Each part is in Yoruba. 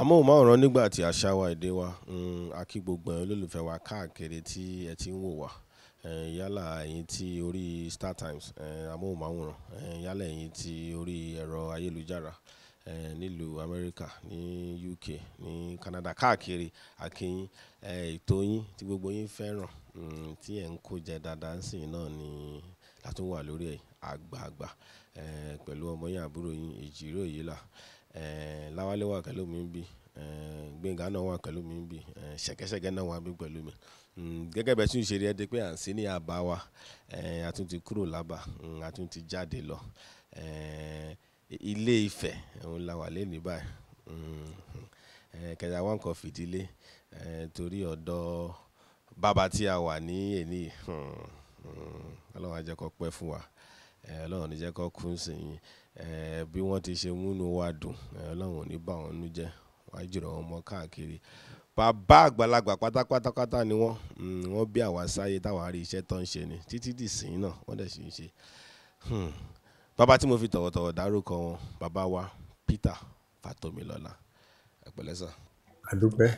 amóhùnmáwòrán nígbà tí àṣà wa èdè wa mm, a kí gbogbo ẹ̀yin olólùfẹ́ wa káàkiri tí ẹ ti ń wò wá yálà ẹ̀yin tí orí StarTimes amóhùnmáwòrán yálà ẹ̀yin tí orí ẹ̀rọ ayélujára nílùú Amẹ́ríkà ní UK ní Canada káàkiri a kí yín ètò yín tí gbogbo yín fẹ́ràn mm, tí ẹ̀ ń kó jẹ dáadáa ń sìn náà ni látún wà lórí ẹ̀ àgbààgbà pẹ̀lú ọmọ yín àbúrò yín Èjìròyìlà Eh, Láwálé wà pẹ̀lú mi níbí, eh, Gbénga náà wà pẹ̀lú mi níbí, eh, Ṣẹ̀kẹ́ṣẹ̀kẹ́ náà wà níbí pẹ̀lú mi. Hmm, gẹ́gẹ́ bí tún ṣe rí, ẹ di pé à ń sí ní abà wa, a tún ti kúrò lábà, hmm, a tún ti jáde lọ. Ilé Ifẹ̀, òun la wà lónìí báyìí. Hmm, Kẹ́dà wá nǹkan fìdílé, torí ọ̀dọ̀ bàbá tí a wà ní èní, Ọlọ́run a jẹ́ kó pẹ́ fún wa, Ọlọ́run ò ní jẹ́ kó ẹ́ eh, bí wọ́n ti ṣe mú inú wa dùn, ẹ́ eh, Ọlọ́run ò ní bà wọ́n nú jẹ́, wọ́n á jìrọ̀ wọ́n mọ́ káàkiri. Bàbá àgbàlagbà pátápátápátá ni wọ́n, hmm, wọ́n bí àwa sáyé táwa rí iṣẹ́ tó ń ṣe ni títí di ìsìn náà wọ́n dẹ̀ ṣì ń ṣe. Hmm. Bàbá tí mo fi tọ̀wọ̀tọ̀wọ̀ dárúkọ wọn, bàbá wa Peter Fatomilola. Ẹ pẹ̀lẹ́ A dúpẹ́.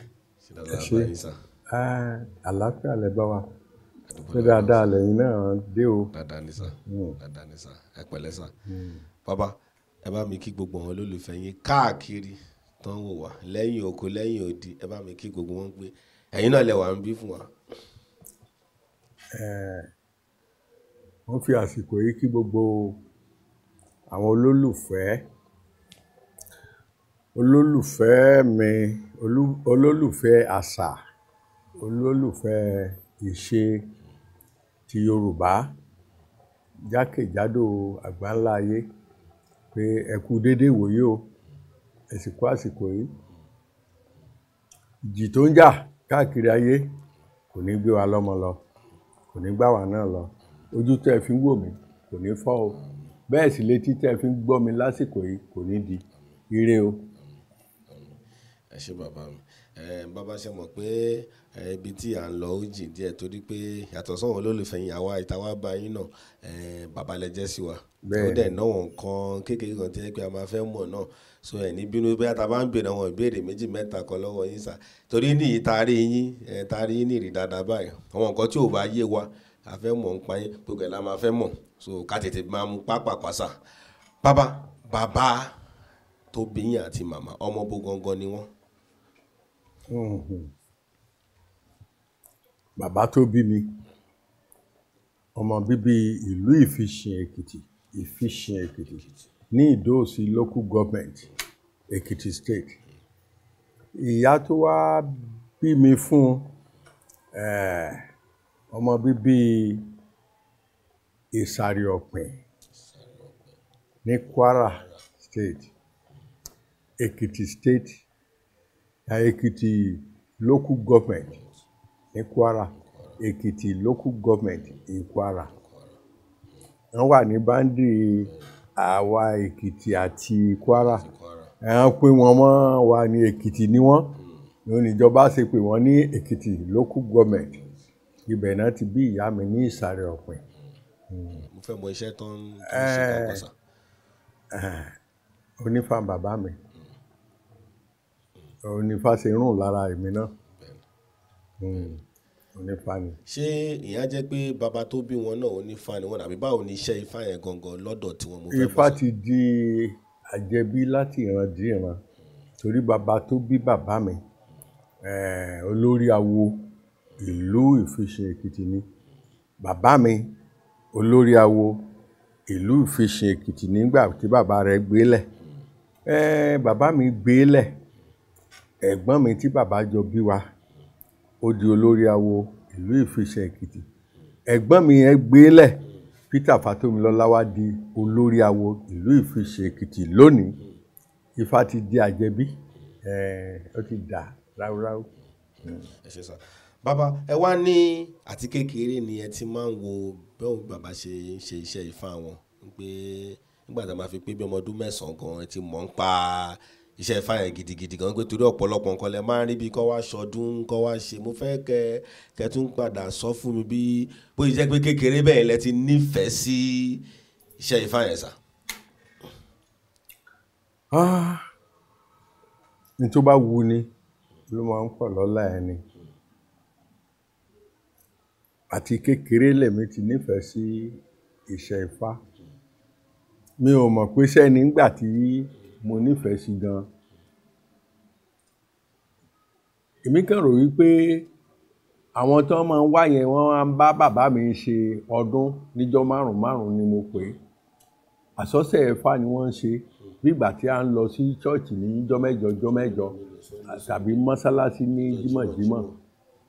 Ẹ ṣé. Àlàáfíà lẹ bá wa ṣé dáadáa lẹ́yìn náà dé o. dáadáa ni hmm. dáadáa ni sà bàbá ẹ bá mi kí gbogbo wọn lólùfẹ́ yín káàkiri tán wò wá lẹ́yìn oko lẹ́yìn odi ẹ bá mi kí gbogbo wọn pé ẹ̀yin náà lẹ wà ń bí fún wa. wọ́n fi àsìkò yìí kí gbogbo àwọn olólùfẹ́ olólùfẹ́ mi olólùfẹ́ àṣà olólùfẹ́ ìṣe ti Yorùbá jákèjádò àgbáńlá ayé pé ẹ kú déédéé ìwòye o ẹ sì kú àsìkò yìí ìjì tó ń jà káàkiri ayé kò ní gbé wa lọ́mọ lọ kò ní gbá wa náà lọ ojú tẹ́ fi ń wò mí kò ní fọ́ o bẹ́ẹ̀ sì létí tẹ́ ẹ fi ń gbọ́ mi lásìkò yìí kò ní di ire o. ẹ ṣé bàbá mi bàbá ṣe mọ̀ pé ibi tí à ń lọ ó jìn díẹ̀ torí pé yàtọ̀ sọ́wọ́n olólùfẹ́ yín àwa ìtawá bá yín náà bàbá lẹ jẹ́ sí wa ó dẹ̀ náwó nǹkan kékeré kan tí ẹ pé a máa fẹ́ mọ̀ náà so ẹ̀ ní bínú bóyá ta bá ń béèrè àwọn ìbéèrè méjì mẹ́ta kan lọ́wọ́ yín sà torí ní ìtaari yín ìtaari yín ní ìrì dáadáa báyìí àwọn nǹkan tí ò bá yé wa a fẹ́ mọ̀ nípa yín gbogbo ẹ̀ la máa fẹ́ mọ̀ so ká tètè máa mú pápá pàṣà bàbá bàbá tó bí yín àti màmá ọmọ bó gangan ni wọ́n bàbá tó bí mi ọmọ bíbí ìlú ìfisìn èkìtì ìfisìn èkìtì ní ìdóòsì local government èkìtì state ìyá tó wá bí mi fún eh, ọmọ bíbí ìsàrè ọ̀pìn ní kwara state èkìtì state na ekiti local government ní kwara ekiti local government ní kwara wọ́n wà ní báńdì àwa èkìtì àti kwara ẹ̀hán pé wọ́n mọ́ wa ní èkìtì ni wọ́n oníjọba ṣe pé wọ́n ní èkìtì local government ibẹ̀ náà ti bí ìyá mi ní ìsàrẹ̀ ọ̀pìn. mo fẹ́ mọ iṣẹ́ tó ń ṣe kàkọ́sà. onífàm bàbá mi òun ni fáṣe rùn lára èmi náà onífá hmm, ni. ṣé ìyẹn jẹ́ pé bàbá tó bí wọn náà onífá ni wọn àbí báwo ni iṣẹ́ ifá yẹn gangan lọ́dọ̀ tí wọ́n mú fẹ́ bọ́ ifá ti di àjẹbí láti ìran dí ìran torí bàbá tó bí bàbá mi olórí awo ìlú ìfisìn èkìtì ni bàbá mi olórí awo ìlú ìfisìn èkìtì nígbà tí bàbá rẹ̀ gbélẹ̀ bàbá mi gbélẹ̀ ẹ̀gbọ́n mi tí bàbá jọ bí wa ó di olórí awo ìlú ìfisẹ̀ èkìtì ẹ̀gbọ́n mi yẹn gbélẹ̀ peter fatomilọ́lá wá di olórí awo ìlú ìfisẹ̀ èkìtì lónìí ifá ti di àjẹbí ẹ ó ti dà ráúráú. bàbá ẹ wá ní àti kékeré ni ẹ ti máa ń wo bẹ́ẹ̀ bàbá ṣe ń ṣe iṣẹ́ ifá wọn nígbà tá a máa fi pé bí ọmọ ọdún mẹ́sàn-án gan ẹ ti mọ̀ ń pa á iṣẹ́ fáyẹn gidigidi gan pé torí ọ̀pọ̀lọpọ̀ nǹkan lẹ máa ń rí bí kọ́ wá ṣọdún kọ́ wá ṣe mo fẹ́ kẹ kẹ tún padà sọ fún mi bí bó ṣe jẹ́ pé kékeré bẹ́ẹ̀ lẹ ti nífẹ̀ẹ́ sí iṣẹ́ ìfáyẹn sà. ní tó bá wu ni ló máa ń pọ̀ lọ́la ẹni àti kékeré lèmi ti nífẹ̀ẹ́ sí iṣẹ́ Ifá mi ò mọ̀ pé sẹ́ni nígbà tí. Mm mo nífẹ̀ẹ́ sí gan. Èmi kàn rò wípé àwọn tó máa ń wá yẹn wọ́n máa ń bá bàbá mi ṣe ọdún níjọ́ márùn márùn ni mo pè é. Àsọ́sẹ̀ ẹ̀fà ni wọ́n ń ṣe nígbà tí a ń lọ sí ṣọ́ọ̀ṣì ní jọ́ mẹ́jọ jọ́ mẹ́jọ tàbí mọ́sálásí ní jímọ̀jímọ̀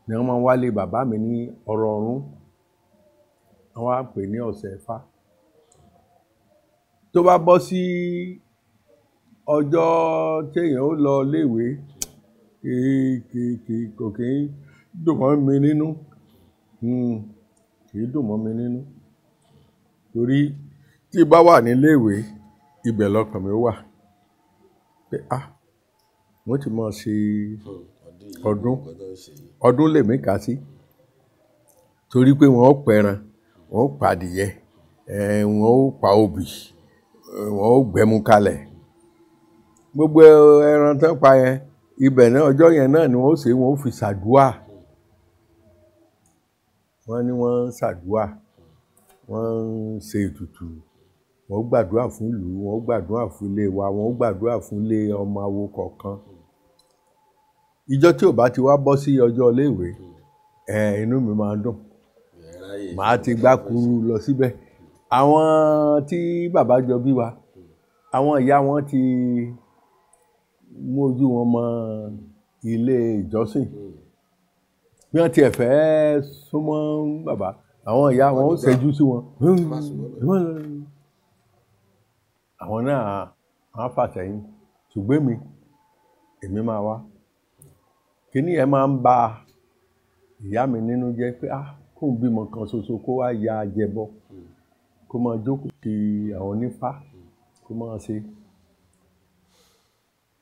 ni wọ́n máa ń wálé bàbá mi ní ọ̀rọ̀ ọ̀run. Wọ́n á pè é ní ọ̀sẹ̀ ẹ̀fà. Tó bá bọ́ sí ọjọ́ téèyàn ó lọ léèwé kìí kò kì í dùn mọ́ mi nínú hmm, kìí dùn mọ́ mi nínú torí tí bá wà níléèwé ibẹ̀ lọkàn mi wà pé ah wọ́n ti mọ̀ sí ọdún ọdún lèmi kà sí torí pé wọ́n pẹran wọ́n pàdìyẹ wọ́n pa obì wọ́n gbẹmú kalẹ̀ gbogbo ẹran tán pa yẹn ibẹ̀ náà ọjọ́ yẹn náà ni wọ́n ṣe wọ́n fi ṣàdúà wọ́n ní wọ́n ń ṣàdúà wọ́n ń ṣe ètùtù wọ́n gbàdúrà fún ìlú wọ́n gbàdúrà fún ilé wa wọ́n gbàdúrà fún ilé ọmọ awo kọ̀ọ̀kan ìjọ tí ò bá ti wá bọ́ sí ọjọ́ iléèwé ẹ inú mi máa ń dùn màá ti gbá kuru lọ síbẹ̀ àwọn tí bàbá jọ bí wa àwọn ìyá wọn ti. Tí mú ojú wọn mọ ilé ìjọsìn bí wọ́n tiẹ̀ fẹ́ súnmọ́ bàbá àwọn ìyá wọn ó ṣẹ́jú sí wọn àwọn náà àwọn fàtẹ̀yìn ṣùgbọ́n mi èmi máa wá kíní ẹ máa ń ba ìyá mi nínú jẹ́ pé ah kóun bímọ kan ṣoṣo kó wá ya jẹbọ kó máa jókòó ti àwọn onífá kó máa ṣe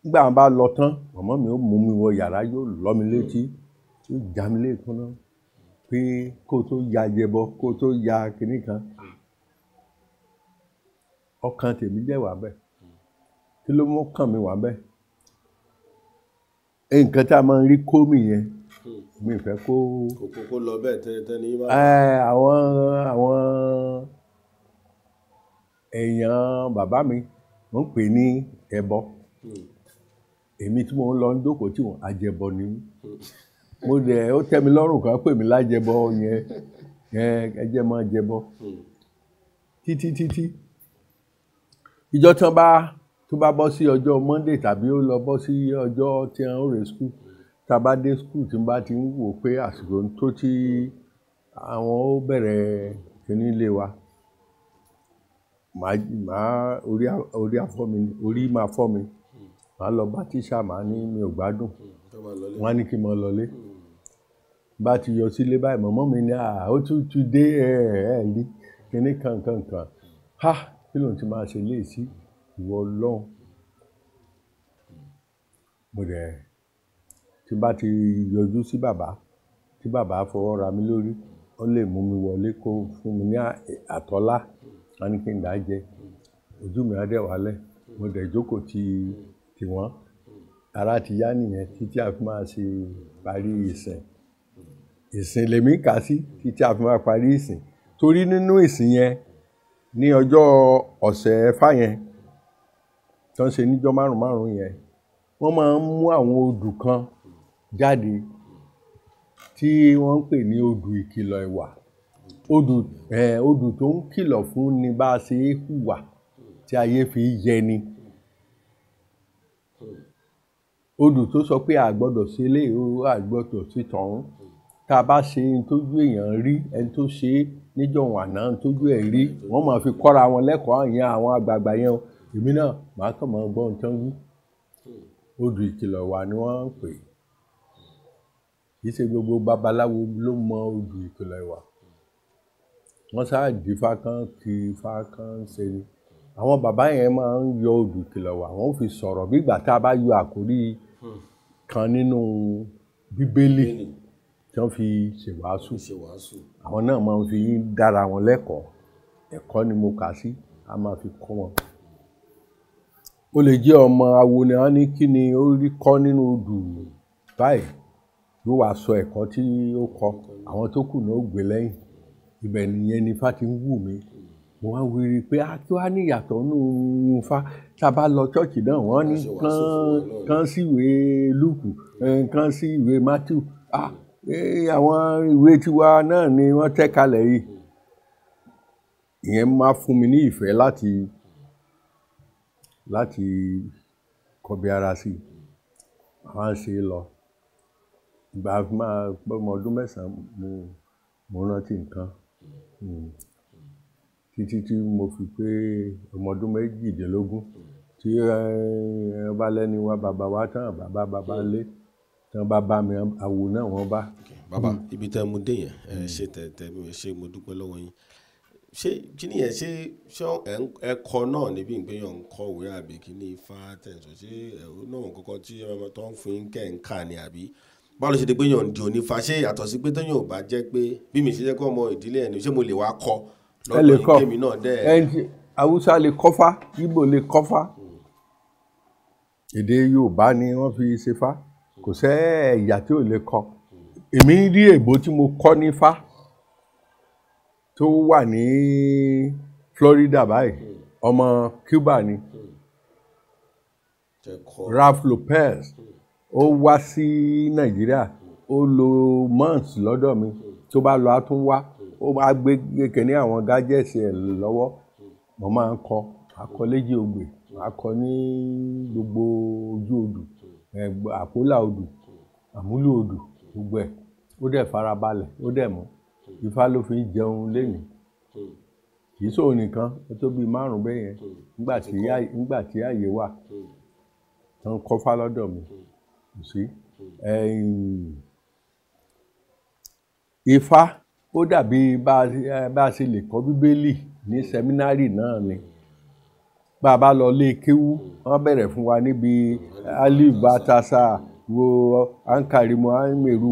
nígbà wọn bá lọ tán màmá mi ó mú mi wọ yàrá yóò lọ mi létí yóò já mi lẹ́ẹ̀kan náà pé kó tó ya jẹbọ kó tó ya kinní kan ọkàn tèmi dẹ̀ wà bẹ́ẹ̀ kí ló mú kàn mi wà bẹ́ẹ̀ nǹkan tá a máa ń rí kó mi yẹn mi fẹ́ kó. kò kó lọ bẹ́ẹ̀ tẹ́tẹ́ ní bá. Eh, àwọn àwọn èèyàn bàbá mi wọ́n pè ní ẹbọ. Hmm èmi tí mo ń lọ ń dókòó tí wọn àjẹbọ ni mí mo dẹ̀ ó tẹ́ mi lọ́rùn kan pè mí lájẹbọ yẹn ẹ jẹ́ máa títí títí ìjọ tí wọn bá tó bá bọ́ sí ọjọ́ monday tàbí ó lọ bọ́ sí ọjọ́ tí wọn ó rè skul tá a bá dé skul tí n bá ti ń wò pé àsìkò tó tí àwọn ó bẹ̀rẹ̀ kíní ilé wa màá orí máa mi orí máa fọ́ mi màá lọ bá tíṣà màá ní mi ò gbádùn wọn á ní kí n mọ lọlé hmm. bá ti yọ sílé báyìí mọ̀mọ́ mi ní ó tún ti dé ẹ̀ ẹ̀ rí kíní kankankan ha kí ló ń ti máa ṣe léèsí ìwọ ọlọ́run mo dẹ̀ tí bá ti yọjú sí bàbá tí bàbá fọwọ́ ra mi lórí ó lè mú mi wọlé kó fún mi ní àtọ́lá wọn ní kí n dá jẹ ojú mi á dẹ̀ wálẹ̀ mo dẹ̀ jókòó ti tiwọn ara ti yá nìyẹn títí a fi máa ṣe parí ìsìn ìsìn lèmi kà sí títí a fi máa parí ìsìn torí nínú ìsìn yẹn ní ọjọ́ ọ̀sẹ̀ ẹ̀fà yẹn tó ń ṣe níjọ́ márùn márùn yẹn wọ́n máa ń mú àwọn odù kan jáde tí wọ́n ń pè ní odù ìkìlọ̀ ìwà odù odù tó ń kìlọ̀ fún ni bá a ṣe é hùwà tí ayé fi yẹni. odù tó sọ pé a gbọ́dọ̀ ṣe lé o a gbọ́dọ̀ ṣe tọ̀hún tá a bá ṣe ní tójú èèyàn rí ẹni tó ṣe é níjọ̀hún àná tójú ẹ̀ rí wọ́n máa fi kọ́ra wọn lẹ́kọ̀ọ́ àyàn àwọn àgbààgbà yẹn o èmi náà màá kàn máa gbọ́ nǹkan wí odù ìkìlọ̀ wà ni wọ́n ń pè é kì í ṣe gbogbo babaláwo ló mọ odù ìkìlọ̀ ìwà wọ́n ṣáà di fákán kí fákán ṣe ni àwọn bàbá yẹn máa ń yọ odù ìkìlọ̀ wà wọ́n fi sọ̀rọ̀ bí ìgbà tá a bá yọ àkórí kan nínú bíbélì tí wọ́n fi ṣèwàásù àwọn náà máa ń fi dára wọn lẹ́kọ̀ọ́ ẹ̀kọ́ ni mo kà sí a máa fi kọ́ wọn. ó lè jẹ́ ọmọ awo ni wọ́n ní kí ni ó rí kọ́ nínú odù báyìí yóò wá sọ ẹ̀kọ́ tí ó kọ́ àwọn tó kù náà gbé lẹ́yìn ibẹ̀ nìyẹn ni fati ń wù mí mo wá wíri pé a ah, kí wá ní ìyàtọ̀ nù Ifá tá a bá lọ ṣọ́ọ̀ṣì náà wọ́n ní kán sí ìwé Lúùkù kán sí ìwé Mátíù ah, àwọn ìwé tiwa náà ni wọ́n tẹ̀ kalẹ̀ yìí ìyẹn máa fún mi ní ìfẹ́ láti láti kọbi ara sí i àwọn á lọ ìgbà máa gbọ́mọ ọdún mẹ́sàn-án mo rántí nǹkan. Hmm títí tí mo fi pé ọmọ ọdún méjìdínlógún tí eh, eh, ọba lẹ́ni wa bàbá wa tán bàbá bàbá lé tán bàbá mi àwò náà wọ́n bá. bàbá ibi tẹ́ mo dé yẹn ẹ ṣe tẹ̀tẹ̀ mi ṣe mo dúpẹ́ lọ́wọ́ yín ṣé kíní yẹn ṣé ṣé ẹ̀kọ́ náà níbi ìgbéyàn ń kọ̀wé àbí kíní ifá tẹ̀sán ṣé ẹ̀hún náà kọ́kọ́ tí ọmọ tó ń fún yín kẹ́ ń kà ní àbí báwo ló ṣe di pé yàn di onífá ṣé yàtọ̀ sí pé tó ò bá jẹ́ pé bí mi ṣe jẹ́ kó ọmọ ìdílé ẹ̀ ni ṣé mo lè wá kọ́ ẹ lè kọ haúsá lè kọ́fá ìgbò lè kọ́fá èdè yorùbá ni wọ́n fi ṣe fá kò sẹ́ ẹ̀yà tí ò lè kọ èmi rí ègbò tí mo kọ́ ní fá tó wà ní Florida báyìí ọmọ Cuba ni Ralph Lopez ó wá sí Nàìjíríà ó lo months lọ́dọ̀ mi tó bá lọ á tún wá ó máa gbé kìnìún àwọn gájẹ́sì ẹ̀ lọ́wọ́ mo máa ń kọ àkọléjì ògbè akọ ní gbogbo ojú odù àpólà odù àmúlò odù gbogbo ẹ̀ ó dẹ̀ farabalẹ̀ ó dẹ̀ mọ́ ifá ló fi ń jẹun lénìí kì í sóun nìkan ó tó bíi márùn bẹ́ẹ̀ yẹn nígbà tí àyè wà tán kọ́fá lọ́dọ̀ mi kò sí ifá ó dàbí bá a ṣe lè kọ́ bíbélì ní sẹ́mínárì náà ni bá a bá lọ lé kéwú wọ́n bẹ̀rẹ̀ fún wa níbi alif batasa wo ankarimu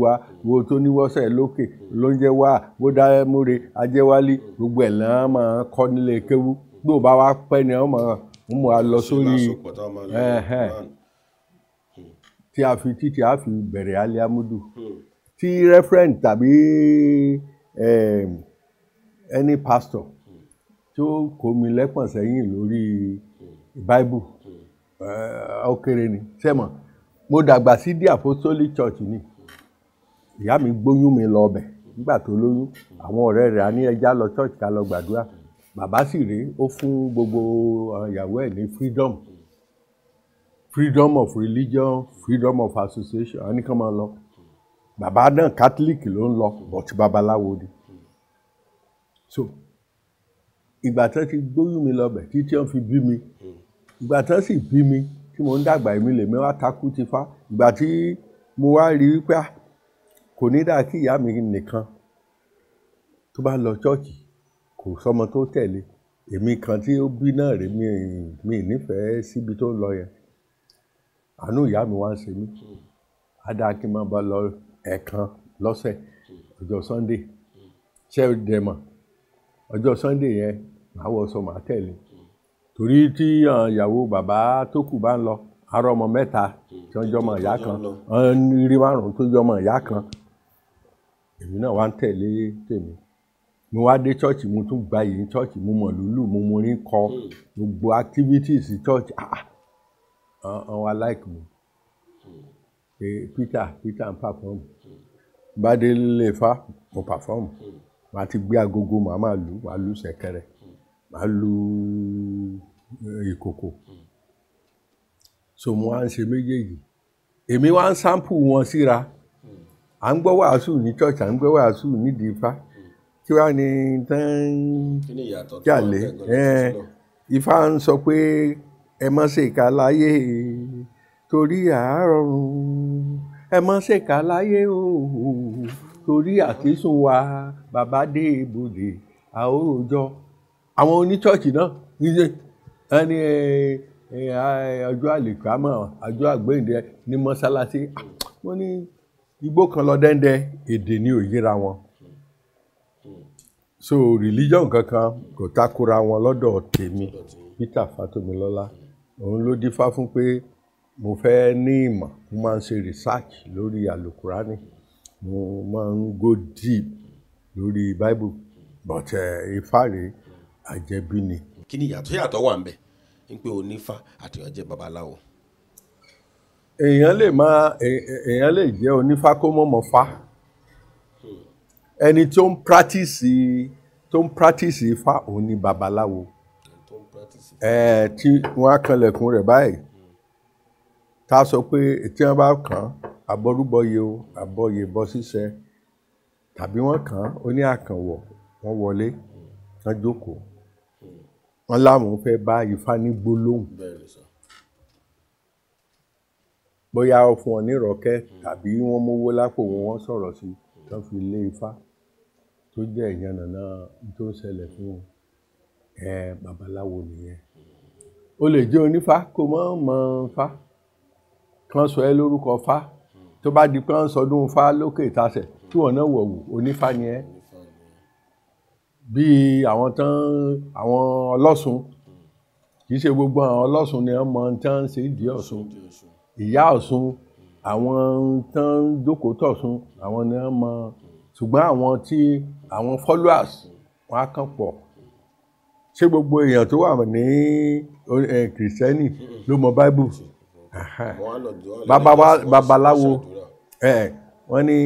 wa wo tó níwọ́sẹ̀ lókè lóúnjẹ wá wo dámúre ajẹ́wálé gbogbo ẹ̀ náà máa kọ́ nílé kéwú gbọ́ bá wa pẹ́ ni wọ́n máa ń mú wa lọ sórí tí a fi títí a fi bẹ̀rẹ̀ aliamudu hmm. tí rẹ́fẹ̀rẹ̀ǹ tàbí any pastor tí ó kó mi lẹ́pọ̀n sẹ́yìn lórí bible eh, ó kéré ni sẹ́mọ̀ mo dàgbà sí the apostolic church ni ìyá mi gbóyún mi lọ ọbẹ̀ nígbà tó lóyún àwọn ọ̀rẹ́ rẹ̀ á ní ẹja lọ church ká lọ gbàdúrà bàbá sì rèé ó fún gbogbo ìyàwó ẹ̀ ní freedom freedom of religion freedom of association àníkàn máa lọ bàbá náà catholic ló ń lọ but babaláwo ni so ìgbà tán ti gbóyún mi lọbẹ títí wọ́n fi bí mi ìgbà tán sì bí mi tí mo ń dàgbà èmi lèmi wá takú ti fa ìgbà tí mo wá rí i pé ah, kò ní dáa kí ìyá mi nìkan tó bá lọ chọ́ọ̀chì kò sọmọ tó tẹ̀lé èmi kan tí ó bí náà rè mí mi nífẹ̀ẹ́ síbi tó ń lọ yẹn àánú ìyá mi wá ń ṣe mí á dáa kí n máa bá lọ ẹ̀ẹ̀kan lọ́sẹ̀ ọjọ́ sunday ṣé ẹ dẹ̀ mọ̀ ọjọ́ sunday yẹn màá wọ sọ màá tẹ̀lé torí tí ìyàwó bàbá tó kù bá ń lọ àárọ̀ ọmọ mẹ́ta tí wọ́n jọmọ ìyá kan rí márùn-ún tó jọmọ ìyá kan èmi náà wá ń tẹ̀lé tèmi mo wá dé church mo tún gba yìí church mo mọ̀ lùlù mo mọ̀ ní kọ hmm. gbogbo activities church ah ah wọn like mi pé peter peter ń perform bàdélé fa mo perform màá ti gbé agogo màá máa lù màá lù ṣẹ̀kẹ̀rẹ̀ màá lù eh, ìkòkò so mo wá ń ṣe méjèèjì èmi wá ń sample wọn síra à ń gbọ́ wàásù ní church à ń gbọ́ wàásù nídìí ifá kí wàá ní tán jàlé eh, ifá ń sọ pé ẹ mọ̀ ṣèkà láyé torí àárọ̀rùn ẹ mọ́ ṣèkà láyé o torí àkísùn wa bàbá dé ibodè àóròjọ àwọn oníṣọ́ọ̀ṣì náà níṣẹ́ ẹni ọjọ́ àlèkámọ̀ ọjọ́ àgbéǹde ní mọ́sálásí ah, wọ́n ní igbó kan lọ dẹ́ndẹ́ èdè ní òyìnra wọn so religion kankan kò takora wọn lọ́dọ̀ tèmi Peter Fatomilola òun ló dífá fún pé mo fẹ́ ní ìmọ̀ mo máa ń ṣe research lórí alukurani mo máa ń go deep lórí bible but eh, ifá rè àjẹbí ni. kí ni ìyàtọ̀ yàtọ̀ wà ń bẹ̀ ń pé onífá àti ọ̀jẹ̀ babaláwo. èèyàn lè máa èèyàn lè jẹ́ onífá kó mọ̀ mọ̀ fá ẹni tó ń pratisi tó ń pratisi ifá òun ni babaláwo ẹ eh, tí wọ́n á rẹ̀ báyìí tá a sọ pé tí wọ́n bá kàn án àbọrúbọyè o àbọyè bọ ṣíṣẹ tàbí wọ́n kàn án ó ní àkànwọ̀ wọ́n wọlé wọ́n jókòó wọ́n láwọn fẹ́ bá Ifá ní gbólóhùn bóyá ó fún ọ ní ìrọ̀kẹ́ tàbí wọ́n mówó lápò wọn wọ́n sọ̀rọ̀ sí tó fi lé Ifá tó jẹ́ ìyànnànà tó ń ṣẹlẹ̀ fún wọn ẹ babaláwo nìyẹn o lè jẹ́ onífá kó mọ̀ mọ̀ fá kán sọ ẹ lórúkọ fá tó bá di pé wọ́n sọdún fá lókè ìtasẹ̀ tí wọ́n náà wọ̀wù onífá ni ẹ́ bíi àwọn tán àwọn ọlọ́sùn kì í ṣe gbogbo àwọn ọlọ́sùn ni wọ́n mọ tán ṣe ìdí ọ̀ṣun ìyá ọ̀ṣun àwọn tán jókòó tọ̀ṣun àwọn ni wọ́n mọ ṣùgbọ́n àwọn tí àwọn followers wọn á kàn pọ̀ ṣé gbogbo èèyàn tó wà ní eh, kìrìsìtẹ́nì ló mọ bible babaláwo wọ́n ní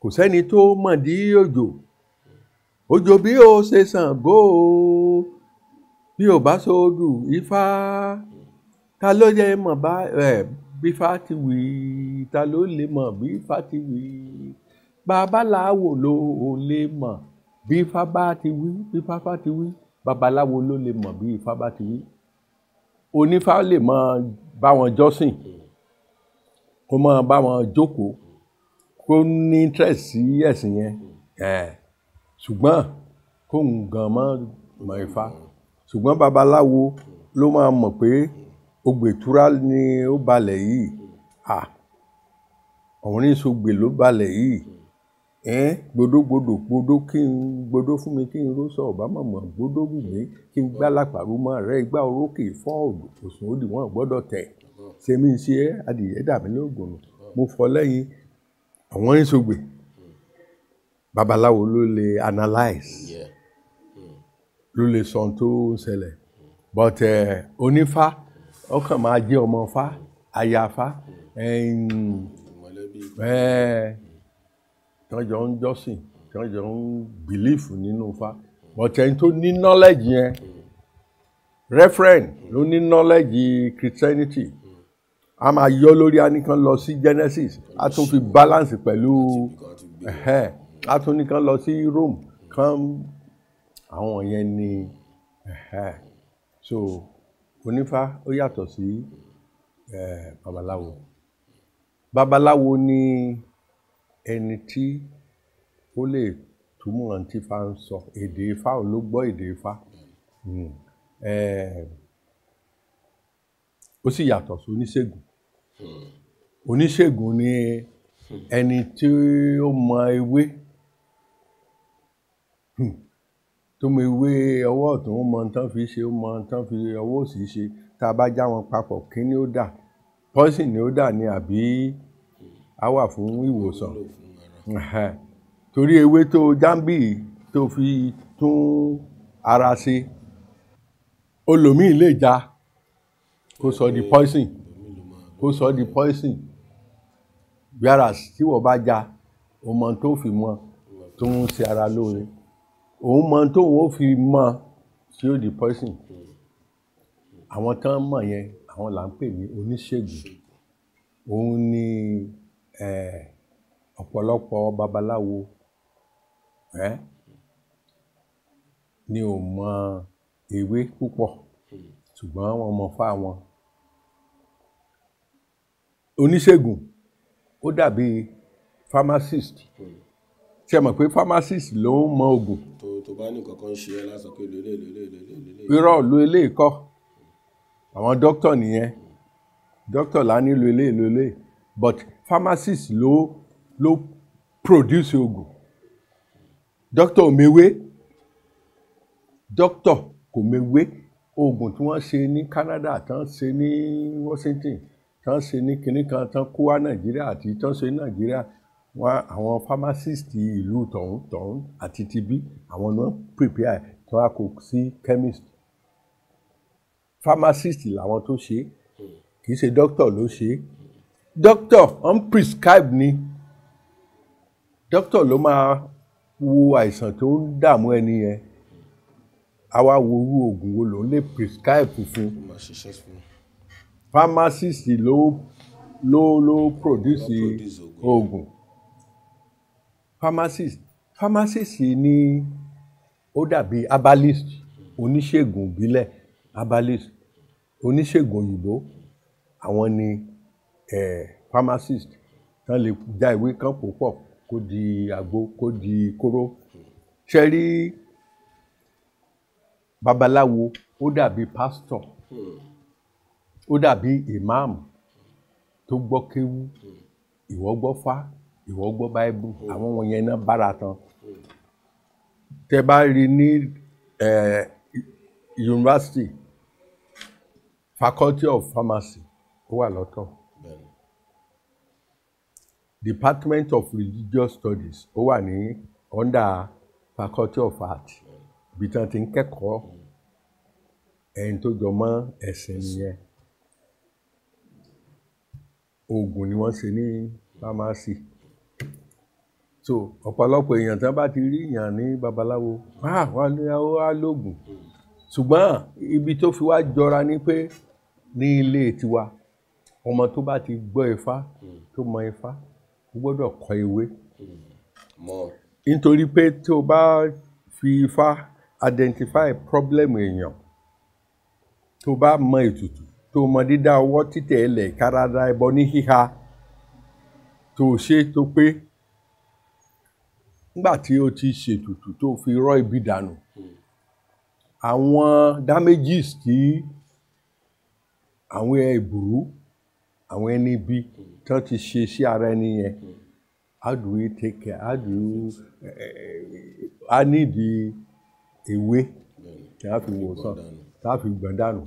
kò sẹ́ni tó mọ̀dí òjò òjò bí ó ṣe sàn gó o bí ò bá sódù ifá ta ló yẹ mọ̀ bá ẹ̀ bí ifá ti wì í ta ló lè mọ̀ bí ifá ti wì í babaláwo ló ò lè mọ̀ bí ifá bá ti wí bí ifá bá ti wí babaláwo ló lè mọ̀ bí ifá bá ti wí onífá lè máa bá wọn jọ́sìn kó máa bá wọn jókòó kó ní interest sí ẹ̀sìn yẹn ṣùgbọ́n kóun gan mọ́ mọ̀ Ifá ṣùgbọ́n babaláwo ló máa mọ̀ pé ogbètura ni ó balẹ̀ yìí òun ní sọgbè ló balẹ̀ yìí um gbòdógbodò gbodò kí n gbodò fún mi kí n ró sọ ọbámọmọ gbodò wù mí kí n gbá lápàrú mọ rẹ igbá orókè fọọlù òsùn òdì wọn gbọdọ tẹ sẹmi ń ṣe é adìyẹ dàmí lóògùn mo fọ lẹ́yìn àwọn ìṣògbè babaláwo ló lè analyse ló lè sọ ohun tó ń ṣẹlẹ̀ but onífá ọkàn máa jẹ́ ọmọ fá aya fá. Mọ̀lẹ́bí tán jọ ń jọ́sìn tán jọ ń bìlífù nínú Ifá bọ̀tẹ̀ ní tó ní nọ́lẹ́jì yẹn referent ló ní nọ́lẹ́jì Christianity a máa yọ lórí anìkan lọ sí Genesis a tún fi balance pẹ̀lú a tún nìkan lọ sí Rome kan àwọn yẹn ni so onífá ó yàtọ̀ sí babaláwo babaláwo ni ẹni tí ó lè túmọ̀ àǹtí fa ń sọ èdè ifá ò ló gbọ́ èdè ifá hmm. eh, ó sì yàtọ̀ sí oníṣègùn hmm. oníṣègùn ni ẹni tí ó mọ ewé hmm. tó mọ ewé ọwọ́ ọ̀tún ó mọ nǹkan fi ṣe ó mọ nǹkan fi ọwọ́ òsì ṣe tá a bá já wọn papọ̀ kí ni ó dà pọ́sìn ni ó dà ni àbí á wà fún ìwòsàn torí ewé tó jámbì tó fi tún ara ṣe olòmíì lè já kó sọ di poison kó sọ di poison whereas tí wọ́n bá já o mọ tó fi mọ tó ń ṣe ara lóore òun mọ tó ń fi mọ tí ó di poison àwọn tán mọ̀ yẹn àwọn là ń pè ní oníṣègùn òun ni. Oníṣègùn um ọ̀pọ̀lọpọ̀ babaláwo um ni ò mọ ewé púpọ̀ ṣùgbọ́n wọ́n mọ fá wọn. Oníṣègùn ó dàbí pharmacist ṣe mọ̀ pé pharmacist ló ń mọ oògùn. tó tó bá ní kankan ṣe ẹ lásán pé lélẹ̀ lélẹ̀ lélẹ̀ irọ́ lo eléyìí kọ́ àwọn dókítà nìyẹn dókítà lá nílò eléyìí lo but pharmacist ló ló produce oògùn doctor omewé doctor kò mewé oògùn tí wọ́n ṣe ní Canada tán ṣe ní Washington tán ṣe ní kinní kan tán kó wá Nàìjíríà àti tán ṣe ní Nàìjíríà wọn àwọn pharmacist ìlú tọ̀hún tọ̀hún àti tibí àwọn náà prepare tí wọ́n á kó sí chemist pharmacist làwọn tó ṣe kì í ṣe doctor ló ṣe doctor on prescribe ni doctor ló máa wo àìsàn tó ń dààmú ẹni yẹn àwa wo irú oògùn wo ló ń lè prescribe fún pharmacist ló ló ló produce oògùn pharmacist pharmacist ni ó dàbí herbalist oníṣègùn ìbílẹ̀ herbalist oníṣègùn òyìnbó àwọn ni um pharmacist tán lè já ìwé kan pò pọ̀ kó di àgbo kó di kóró ṣe rí babaláwo ó dàbí pastor? ó dàbí ìmáàmù tó gbọ́ kéwú ìwọ gbọ́ fá ìwọ gbọ́ báíbù àwọn wọn yẹn náà bára tan tẹ bá rí ní yunifásitì faculty of pharmacy ó wà lọ́tọ̀ department of religious studies ó wà ní under faculty of art ibi tí wọ́n ti ń kẹ́kọ̀ọ́ ẹni tó jọ mọ́ ẹ̀sìn nìyẹn oògùn ni wọ́n ṣe ní pharmacy so ọ̀pọ̀lọpọ̀ èèyàn tí wọ́n bá ti rí èèyàn ní babaláwo wọ́n á lóògùn ṣùgbọ́n ibi tó fi wá jọra ni pé ní ilé tiwa ọmọ tó bá ti gbọ́ ifá tó mọ ifá o gbọ́dọ̀ kọ ewé hmm, nítorí pé tí o bá fi ifá identify problem èèyàn tó bá mọ ètùtù tó mọ dídá ọwọ́ títẹ̀ ẹlẹ̀ ìkáradá ẹbọ ní híha tó ṣe tó pé nígbà tí o ti ṣètùtù tó fi rọ́ ibi dànù àwọn damages tí àwọn ẹ̀bùrú àwọn ẹni bíi. Hmm tó ti ṣe sí ara ẹni yẹn how do we take care how do you uh, I need the ewé tí a fi wò sàn tí a fi gbọ̀n dànù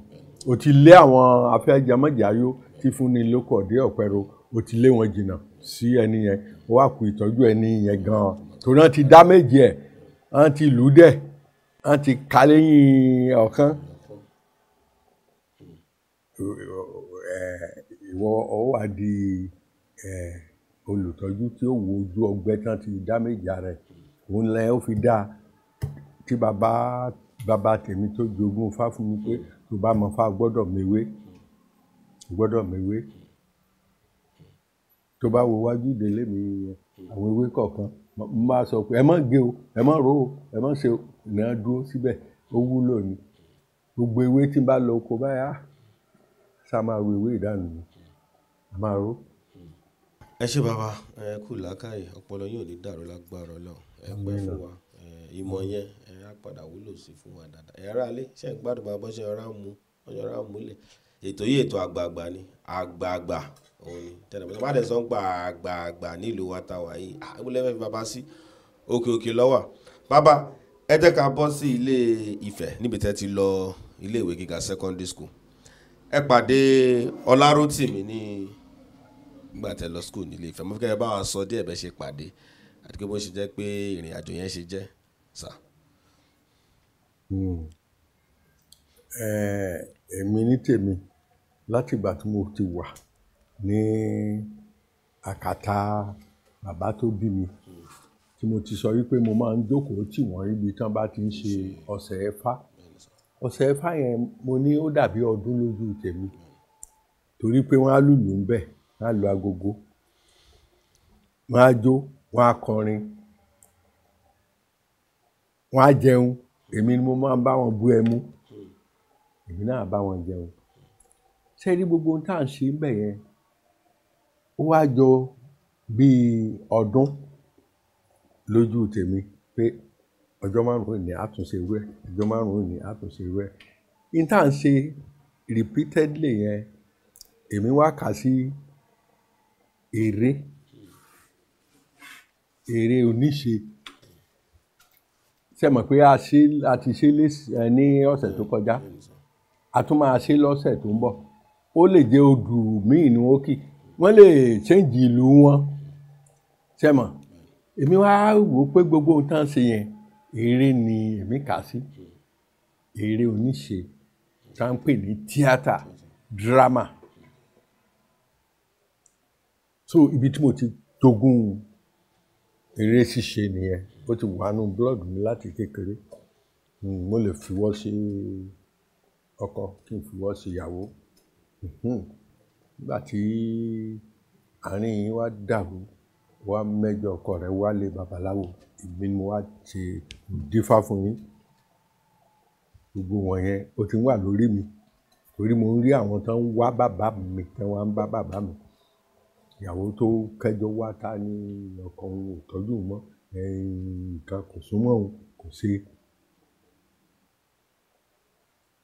o ti lé àwọn afẹ́jàmọ́jàyó tí fúnni lóko ọ̀dẹ́ ọ̀pẹ̀rọ o ti lé wọn jìnnà sí ẹni yẹn o wá kú ìtọ́jú ẹni yẹn gan-an torí wọn ti dá méjì ẹ̀ wọn ti lù ú dẹ̀ wọn ti ka lẹ́yìn ọ̀kan eh, ìwọ o wá di um olùtọ́jú tí ó wo ojú ọgbẹ́ tán ti dámẹ́jì ara ẹ̀ òun lẹ ó fi dáa tí bàbá bàbá tèmi tó jogún fá fún mi pé tó bá mọ fá gbọ́dọ̀ mewé gbọ́dọ̀ mewé tó bá wo wájú ìdílé mi àwọn ewé kọ̀ọ̀kan mo máa sọ pé ẹ má gé o ẹ má ro o ẹ má ṣe náà dúró síbẹ̀ ó wúlò ni gbogbo ewé tí n bá lọ oko báyà sá máa wo ewé ìdánù mi máró. ẹ ṣé bàbá ẹ kú làákàyè ọpọlọ yóò ní dàrú lágbára Ọlọ́run ẹ pẹ́ fún wa ìmọ̀ yẹn ẹ á padà wúlò sí fún wa dáadáa ẹ ara alẹ́ ṣe ń gbádùn bá bọ́ṣẹ́ ọ̀rá mú ọjọ́ ọ̀rá múlẹ̀ ètò yìí ètò àgbààgbà ni àgbààgbà òun ni tẹnabẹ́tẹ́ bá dẹ̀ sọ ń àgbààgbà nílùú wa yìí àgbélé ah, fẹ́ fi bàbá sí òkè òkè lọ́wà bàbá ẹ jẹ́ ká bọ́ sí ilé Ifẹ̀ níbi tẹ́ ti lọ ilé ìwé gíga secondary school ẹ pàdé Ọlárótìmí ní nígbà tẹ lọ school nílé Ifẹ̀ mo fi kẹ́kẹ́ bá wa sọ díẹ̀ bẹ́ẹ̀ ṣe pàdé àti pé bó ṣe jẹ́ pé ìrìn àjò yẹn ṣe jẹ́ sà. Hmm. èmi ní tèmi látìgbà tí mo ti wà ní àkàtà bàbá tó bí mi tí mo ti sọ wípé mo máa ń jókòó tì wọ́n ibi tán bá ti ń ṣe ọ̀sẹ̀ ẹ̀fà ọ̀sẹ̀ ẹ̀fà yẹn mo ní ó dàbí ọdún lójú tèmi torí pé wọ́n á lùlù ń bẹ́ẹ̀ wọ́n á lu agogo wọ́n á jó wọ́n á kọrin wọ́n á jẹun èmi ni mo máa ń bá wọn bú ẹmu èmi náà bá wọn jẹun ṣé rí gbogbo ohun tá à ń ṣe ńbẹ̀ yẹn ó wá jọ bíi ọdún lójú tèmi pé ọjọ́ márùn-ún ní àtúnṣe irú ẹ̀ ọjọ́ márùn-ún ní àtúnṣe irú ẹ̀ ní tá à ń ṣe repeatedly yẹn èmi wá kà sí eré eré oníṣe ṣe mọ̀ pé a ṣe a ti ṣe ní ọ̀sẹ̀ tó kọjá a tún máa ṣe lọ́sẹ̀ tó ń bọ̀ ó lè jẹ́ odù míì ní wọ́n kì wọ́n lè ṣéǹjì ìlú wọn ṣe mọ̀ èmi wá wò ó pé gbogbo ohun tán ṣe yẹn eré ni èmi kà sí eré oníṣe tá à ń pè ní tíátà dírámà so ibi tí mo ti jogún eré ṣíṣe nìyẹn ó ti wà nù blood mi láti kékeré hmm, mo lè fiwọ́ sí ọkọ kí n fiwọ́ sí ìyàwó hmm, nígbà tí àárín yìí wá dàrú wá mẹ́jọ ọkọ rẹ̀ wá lé babaláwo èmi ni wá ṣe dífá fún yín gbogbo wọn yẹn ó ti wà lórí mi torí mo ń rí àwọn tó ń wá bàbá mi tó wá ń bá bàbá mi ìyàwó tó kẹjọ wá ta ni ọkọ òun ò tọ́jú mọ́ nǹkan kò súnmọ́ òun kò ṣe.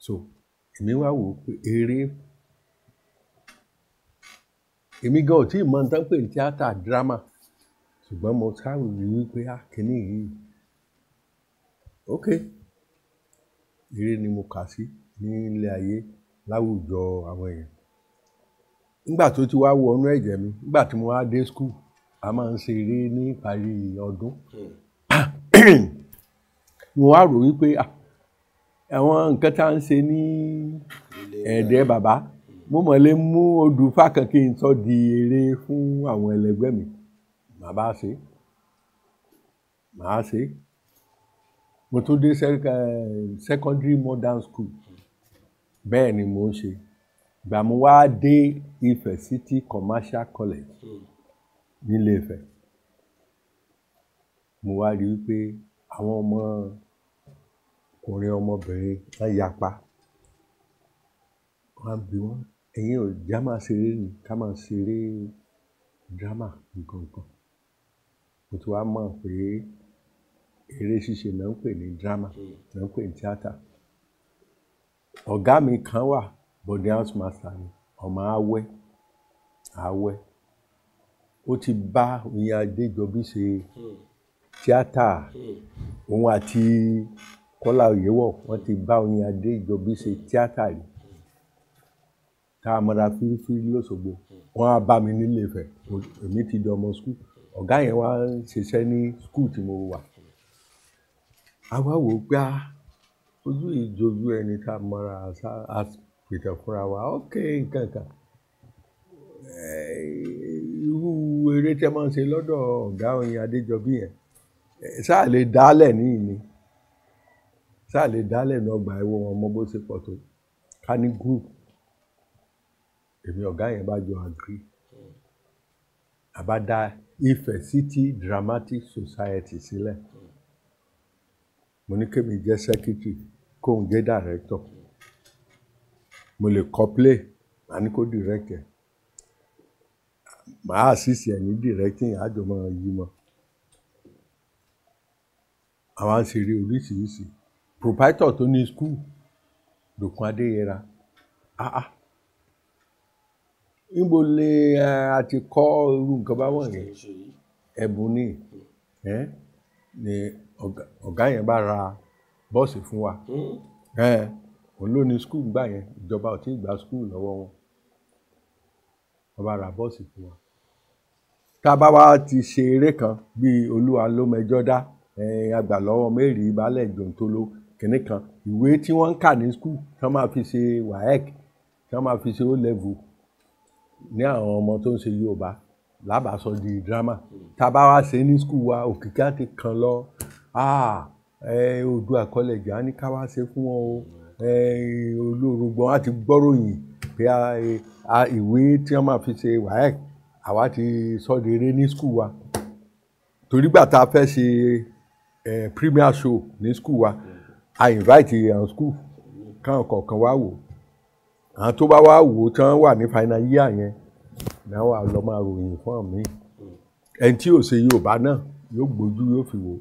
so èmi wá wò ó pé eré èmi gan ò tí ì mọ nǹkan pé ní tíátà dírámà ṣùgbọ́n mo sáré rí i pé a ah, kìíní yìí ok eré ni mo kà sí ní ayé láwùjọ àwọn èèyàn nígbà tó ti wá wọnú ẹ̀jẹ̀ mi nígbà tí mo wá dé skul a máa ń ṣeré ní ìparí ọdún mo wá rò wípé ah, àwọn nǹkan tá à ń ṣe ní ẹ̀ẹ́dẹ́ bàbá mo mọ̀ lé mú odù fákan kí n sọ di eré fún àwọn ẹlẹgbẹ́ mi màá bá ṣe màá ṣe mo tún dé eh, secondary modern school bẹ́ẹ̀ ni mo ń ṣe ìgbà mo wá dé Ifẹ̀ City Commercial College nílé Ifẹ̀ mo wá rí i pé àwọn ọmọ ọkùnrin ọmọbìnrin wọn yapa wọn bí wọn ẹ̀yin ò já máa ṣeré ni ká máa ṣeré drama nǹkan kan mo ti wá mọ̀ pé eré ṣíṣe náà ń pè ní drama náà ń pè ní tíátà ọ̀gá mi kan wà body house master ni ọmọ awẹ́ awẹ́ ó ti bá Oyin Adéjọbí ṣe hmm. tíátà hmm. òun àti Kọ́lá Oyèwọ̀ wọ́n ti bá Oyin Adéjọbí ṣe tíátà rí tá a mọra fírífírí lọ́sọ̀gbọ̀ wọ́n á bá mi nílé Ifẹ̀ èmi ti di ọmọ skul ọ̀gá yẹn wá ń ṣiṣẹ́ ní skul tí mo wà a wá wò ó pé ah, ojú ẹni tá a pìtàn fúnra wa ok nǹkan kan eh, irú eré tẹ máa ń ṣe lọ́dọ̀ ọ̀gá oyin adéjọbí yẹn sáà eh, lè dálẹ̀ níyì ni sáà lè dálẹ̀ ní ọgbà ẹ̀wọ̀n wọn mọ bó ṣe pọ̀ tó ká ní group èmi ọ̀gá yẹn bá jọ agree àbádá Ifè City Dramatic Society sílẹ̀ mo ní kémi jẹ́ secretary kóun jẹ́ director. mo le kọ play màá ní kó maa sisi màá assist ẹ̀ ní directing àjọ máa yí mọ́ àwọn àṣírí oríṣiríṣi proprietor tó ní school Dòkun Adéyẹra ah ah níbo eh, a ti kọ́ irú nǹkan bá wọ̀nyí ẹ̀bùn ni ni ọ̀gá yẹn bá ra bọ́ọ̀sì fún wa. Mm. Eh òun ló ní skul nígbà yẹn ìjọba ò tí ì gba skul lọ́wọ́ wọn ọba ra bọ́ọ̀sì fún wa tá a bá wá ti ṣe eré kan bíi olúwa ló mẹjọ dá àgbà lọ́wọ́ mẹ́rì ìbálẹ̀ jòǹtóló kìnní kan ìwé tí wọ́n ń kà ní skul tí wọ́n máa fi ṣe waec tí wọ́n máa fi ṣe o level ní àwọn ọmọ tó ń ṣe yorùbá lábàásọ di drama tá a bá wá ṣe ní skul wa òkìkí àti kan lọ ah, eh, oòdùà kọlẹ̀jì á ní ṣe fún wọn o olórúgbọ́n á ti gbọ́ròyìn pé ìwé tí wọ́n máa fi ṣe WAEC àwa ti sọ́dọ̀ eré ní skul wa torí gbà tá a fẹ́ ṣe premier show ní skul wa a invite àwọn skul káwọn kọ̀ọ̀kan wá wò àwọn tó bá wá wò tí wọ́n wà ní final year yẹn náà wà lọ́ máa ròyìn fún mi ẹni tí ò ṣe Yorùbá náà yóò gbójú yóò fi wò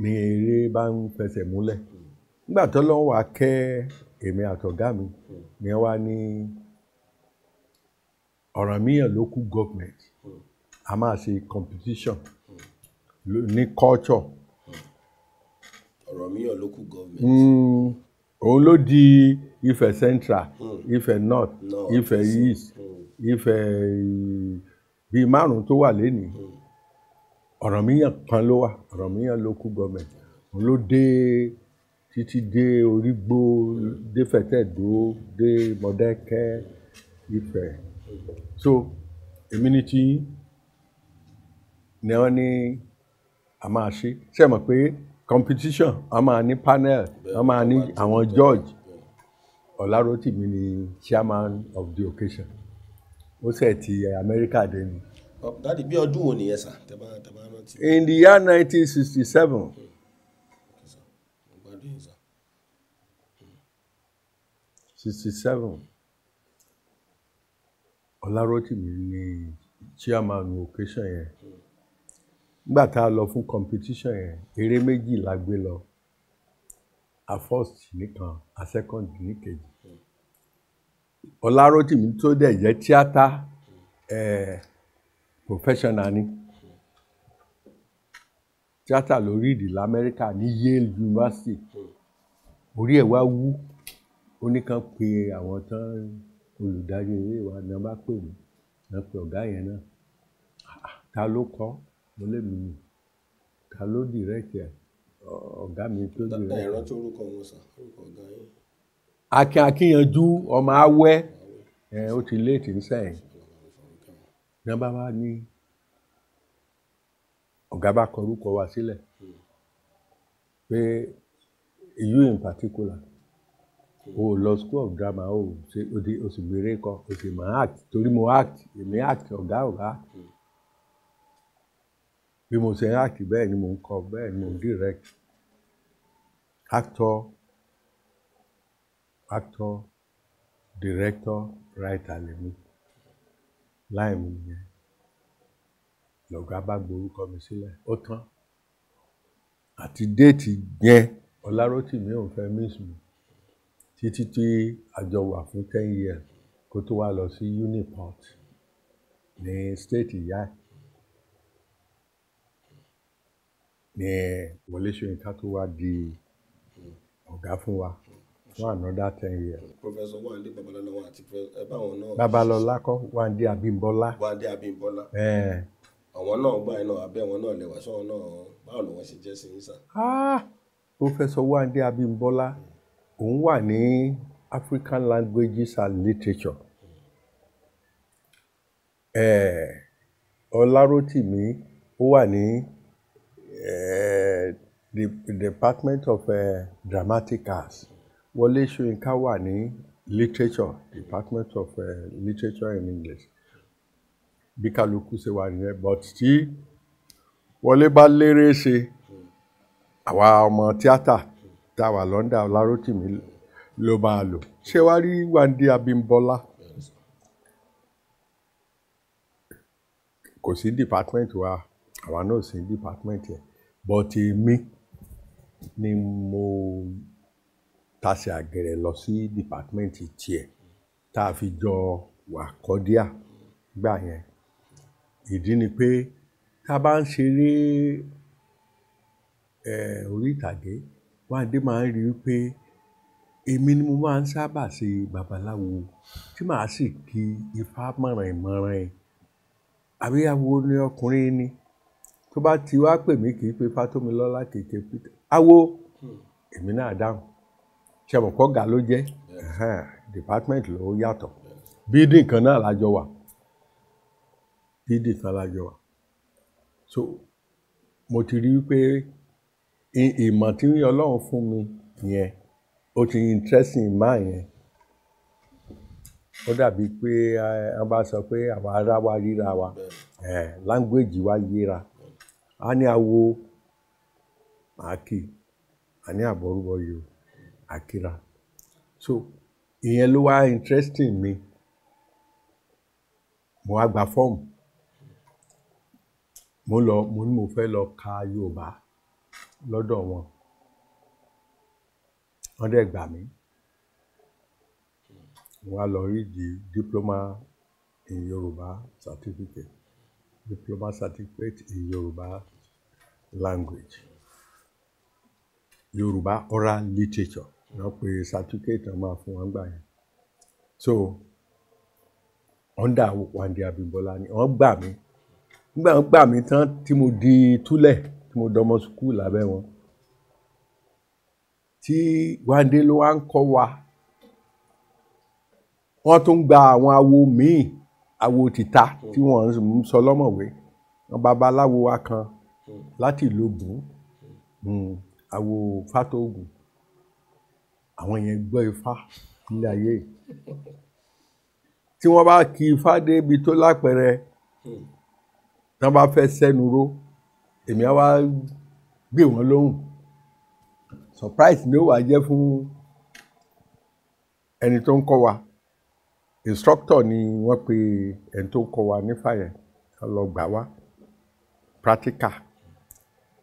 ní eré bá ń fẹsẹ̀ múlẹ̀ nígbà tó lọ́n wá kẹ́ èmi àtọ̀gá mi ni wá ní Ọ̀rànmíyàn local government a máa ṣe competition ní culture. Ọ̀rànmíyàn local government. Hmm, òun ló di ife central hmm. ife north ife east hmm. ife bíi márùn-ún tó wà lénìí Ọ̀rànmíyàn kan ló wà Ọ̀rànmíyàn local government òun ló dé. De títí dé orígbó dé fẹ̀tẹ̀dó dé mọ̀dẹ́kẹ́ Ifẹ̀ so èmi ní tí ni wọ́n ní a máa ṣe ṣe mọ̀ pé competition wọ́n máa ní panel wọ́n máa ní àwọn judge Ọlárótìmí ni chairman of the occasion ó ṣe ti America dé ni. dádì bí ọdún wo nìyẹn sà tẹ́ bá rántí. in the year nineteen sixty seven. sixty seven ọláròtìmí ni chairman occasion yẹn nígbà tá a lọ fún competition yẹn eré méjì la gbé lọ a first nìkan a second nìkejì ọláròtìmí tó dẹ̀ jẹ́ tíátá professional ni tíátà ló rí ìdí lamẹ́ríkà ní Yale University orí ẹ̀ wá wú ó ní kán pe àwọn tán olùdarí eré wa ni wọn bá pè mí wọn pe ọgá yẹn náà ah, ta ló kọ mo lémi ni ta ló dìrẹ́tì ẹ̀ ọ̀gá mi tó dìrẹ́tì. ẹ̀rọ tó orúkọ wọn sàn orúkọ ọ̀gá yẹn. akin akíyanjú ọmọ awẹ́ ẹ ó ti léètì nísẹ̀yìn ní wọn bá wá ní ọ̀gá bá kọ orúkọ wa sílẹ̀ hmm. pé ìlú in particular o lọ school of drama o ṣe o di o sì gbére kọ o sì mọ act torí mo act èmi act ọ̀gá ọ̀gá hmm. bí mo ṣe act bẹ́ẹ̀ ni mo ń kọ bẹ́ẹ̀ ni mo ń direct actor actor director writer lèmi láì mú yẹn lọ̀gá bá gborúkọ mi sílẹ̀ ó tán àti déètì yẹn ọ̀làrótìmí ò fẹ́ miss mi. títí tí àjọ wà fún ten years kó tó wá lọ sí Uniport ní state ìyá ní Wọlé Ṣóyínká tó wá di ọ̀gá fún wa fún another ten years. Professor Wande Babalọla wa àti báwọn náà. Babalọla kọ́ Wande Abímbọ́lá. Wande Abímbọ́lá. Àwọn náà gbà iná abẹ́ wọn náà lẹ́wà sọ́wọ́n náà báwo ni wọ́n ṣe jẹ́ sí ń sà. Ah! Professor Wande Abímbọ́lá. Mm òun wà ní African Languages and Literature eh, Ọlárótìmí ó wà ní eh, the Department of eh, Dramatic Arts Wọlé Ṣóyínká wà ní Literature Department of eh, Literature in English bí kálukú ṣe wà nìyẹn but tí Wọlé bá lérè ṣe àwa ọmọ tíátà tá a wà lọ́ndà Ọláròtìmí ló máa lò ṣé wàá rí Wándé Abímbọ́lá kò sí department wa àwa náà sí department yẹn but èmi ni mo tasẹ̀ àgẹ̀rẹ̀ lọ sí department tiẹ̀ tá a fi jọ wà kọ́díà gbà yẹn ìdí ni pé tá a bá ń ṣeré eh, orí ìtàgé. Wándé máa ń rí i pé èmi ni mo máa ń sábà ṣe babaláwo tí màá sì kí Ifá mọ̀rìnmọ̀rìn. Àbíawọ ni ọkùnrin ni. Tó bá ti wá pè mí kì í pe Fátómilọ́lá kì í pe Peter. Awo! Èmi náà dáhùn. Ṣé mọ̀ ló jẹ́? Department ló yàtọ̀. Building kan náà la jọ wà. Building kan la wà. So, mo ti rí i pé. ìmọ̀ tí ọlọ́run fún mi yẹn ó ti interesting má yẹn ó dàbí pé a eh, bá sọ pé àwọn ará wa ríra wa eh, language wa yíra a ní awo àkì a ní àbọ̀rúbọyò àkìrà so ìyẹn ló wá interesting mi mo wá gba fọ́ọ̀mù mo lọ mo ní mo fẹ́ lọ ka Yorùbá. lọ́dọ̀ wọn wọ́n dẹ̀ gbà mí wọ́n á lọ rí di diploma in Yorùbá certificate diploma certificate in Yorùbá language Yorùbá oral literature wọ́n pe certificate wọ́n máa fún wọn gbà yẹn so under Wándé Abímbọ́lá ni wọ́n gbà mí nígbà wọ́n gbà mí tán tí mo di túlẹ̀ mo dọmọ sùkúù lábẹ́ wọn tí wáńdé ló wá ń kọ́ wa wọ́n tún gba àwọn awo míì awo tìta tí wọ́n ń sọ lọ́mọ̀wé wọn babaláwo wa kan láti ìlú ògùn hmm, awo fatogun àwọn yẹn gbọ́ ifá nílé ayé tí wọ́n bá kí ifá débi tó lápẹẹrẹ tí wọ́n bá fẹ́ sẹ́nu ró èmi á wá gbé wọn lóhùn surprise ni ó wàá jẹ́ fún ẹni tó ń kọ́ wa instructor ni wọ́n pe ẹni tó ń kọ́ wa ní fàyẹ̀ ká lọ gbà wá practical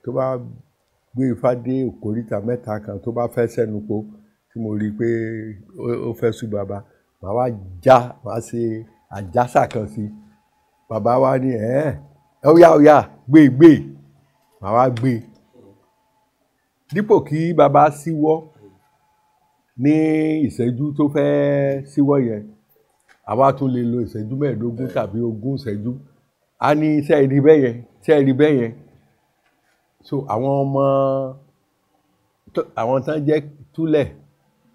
tó bá gbé ifá dé òkòríta mẹ́ta kan tó bá fẹ́ sẹ́nu po tí mo rí i pé ó fẹ́ sú baba màá wá já màá ṣe àjásà kan sí baba wa ní ẹ̀ẹ́ ọ̀yà ọ̀yà gbé gbé màá wá gbé e dípò kí baba síwọ́ ní ìṣẹ́jú tó fẹ́ẹ́ síwọ́ yẹn àwa tún lè lo ìṣẹ́jú mẹ́ẹ̀ẹ́dógún tàbí ogún ìṣẹ́jú a ní iṣẹ́ ìdí bẹ́ẹ̀ yẹn iṣẹ́ ìdí bẹ́ẹ̀ yẹn so àwọn ọmọ àwọn tán jẹ́ túlẹ̀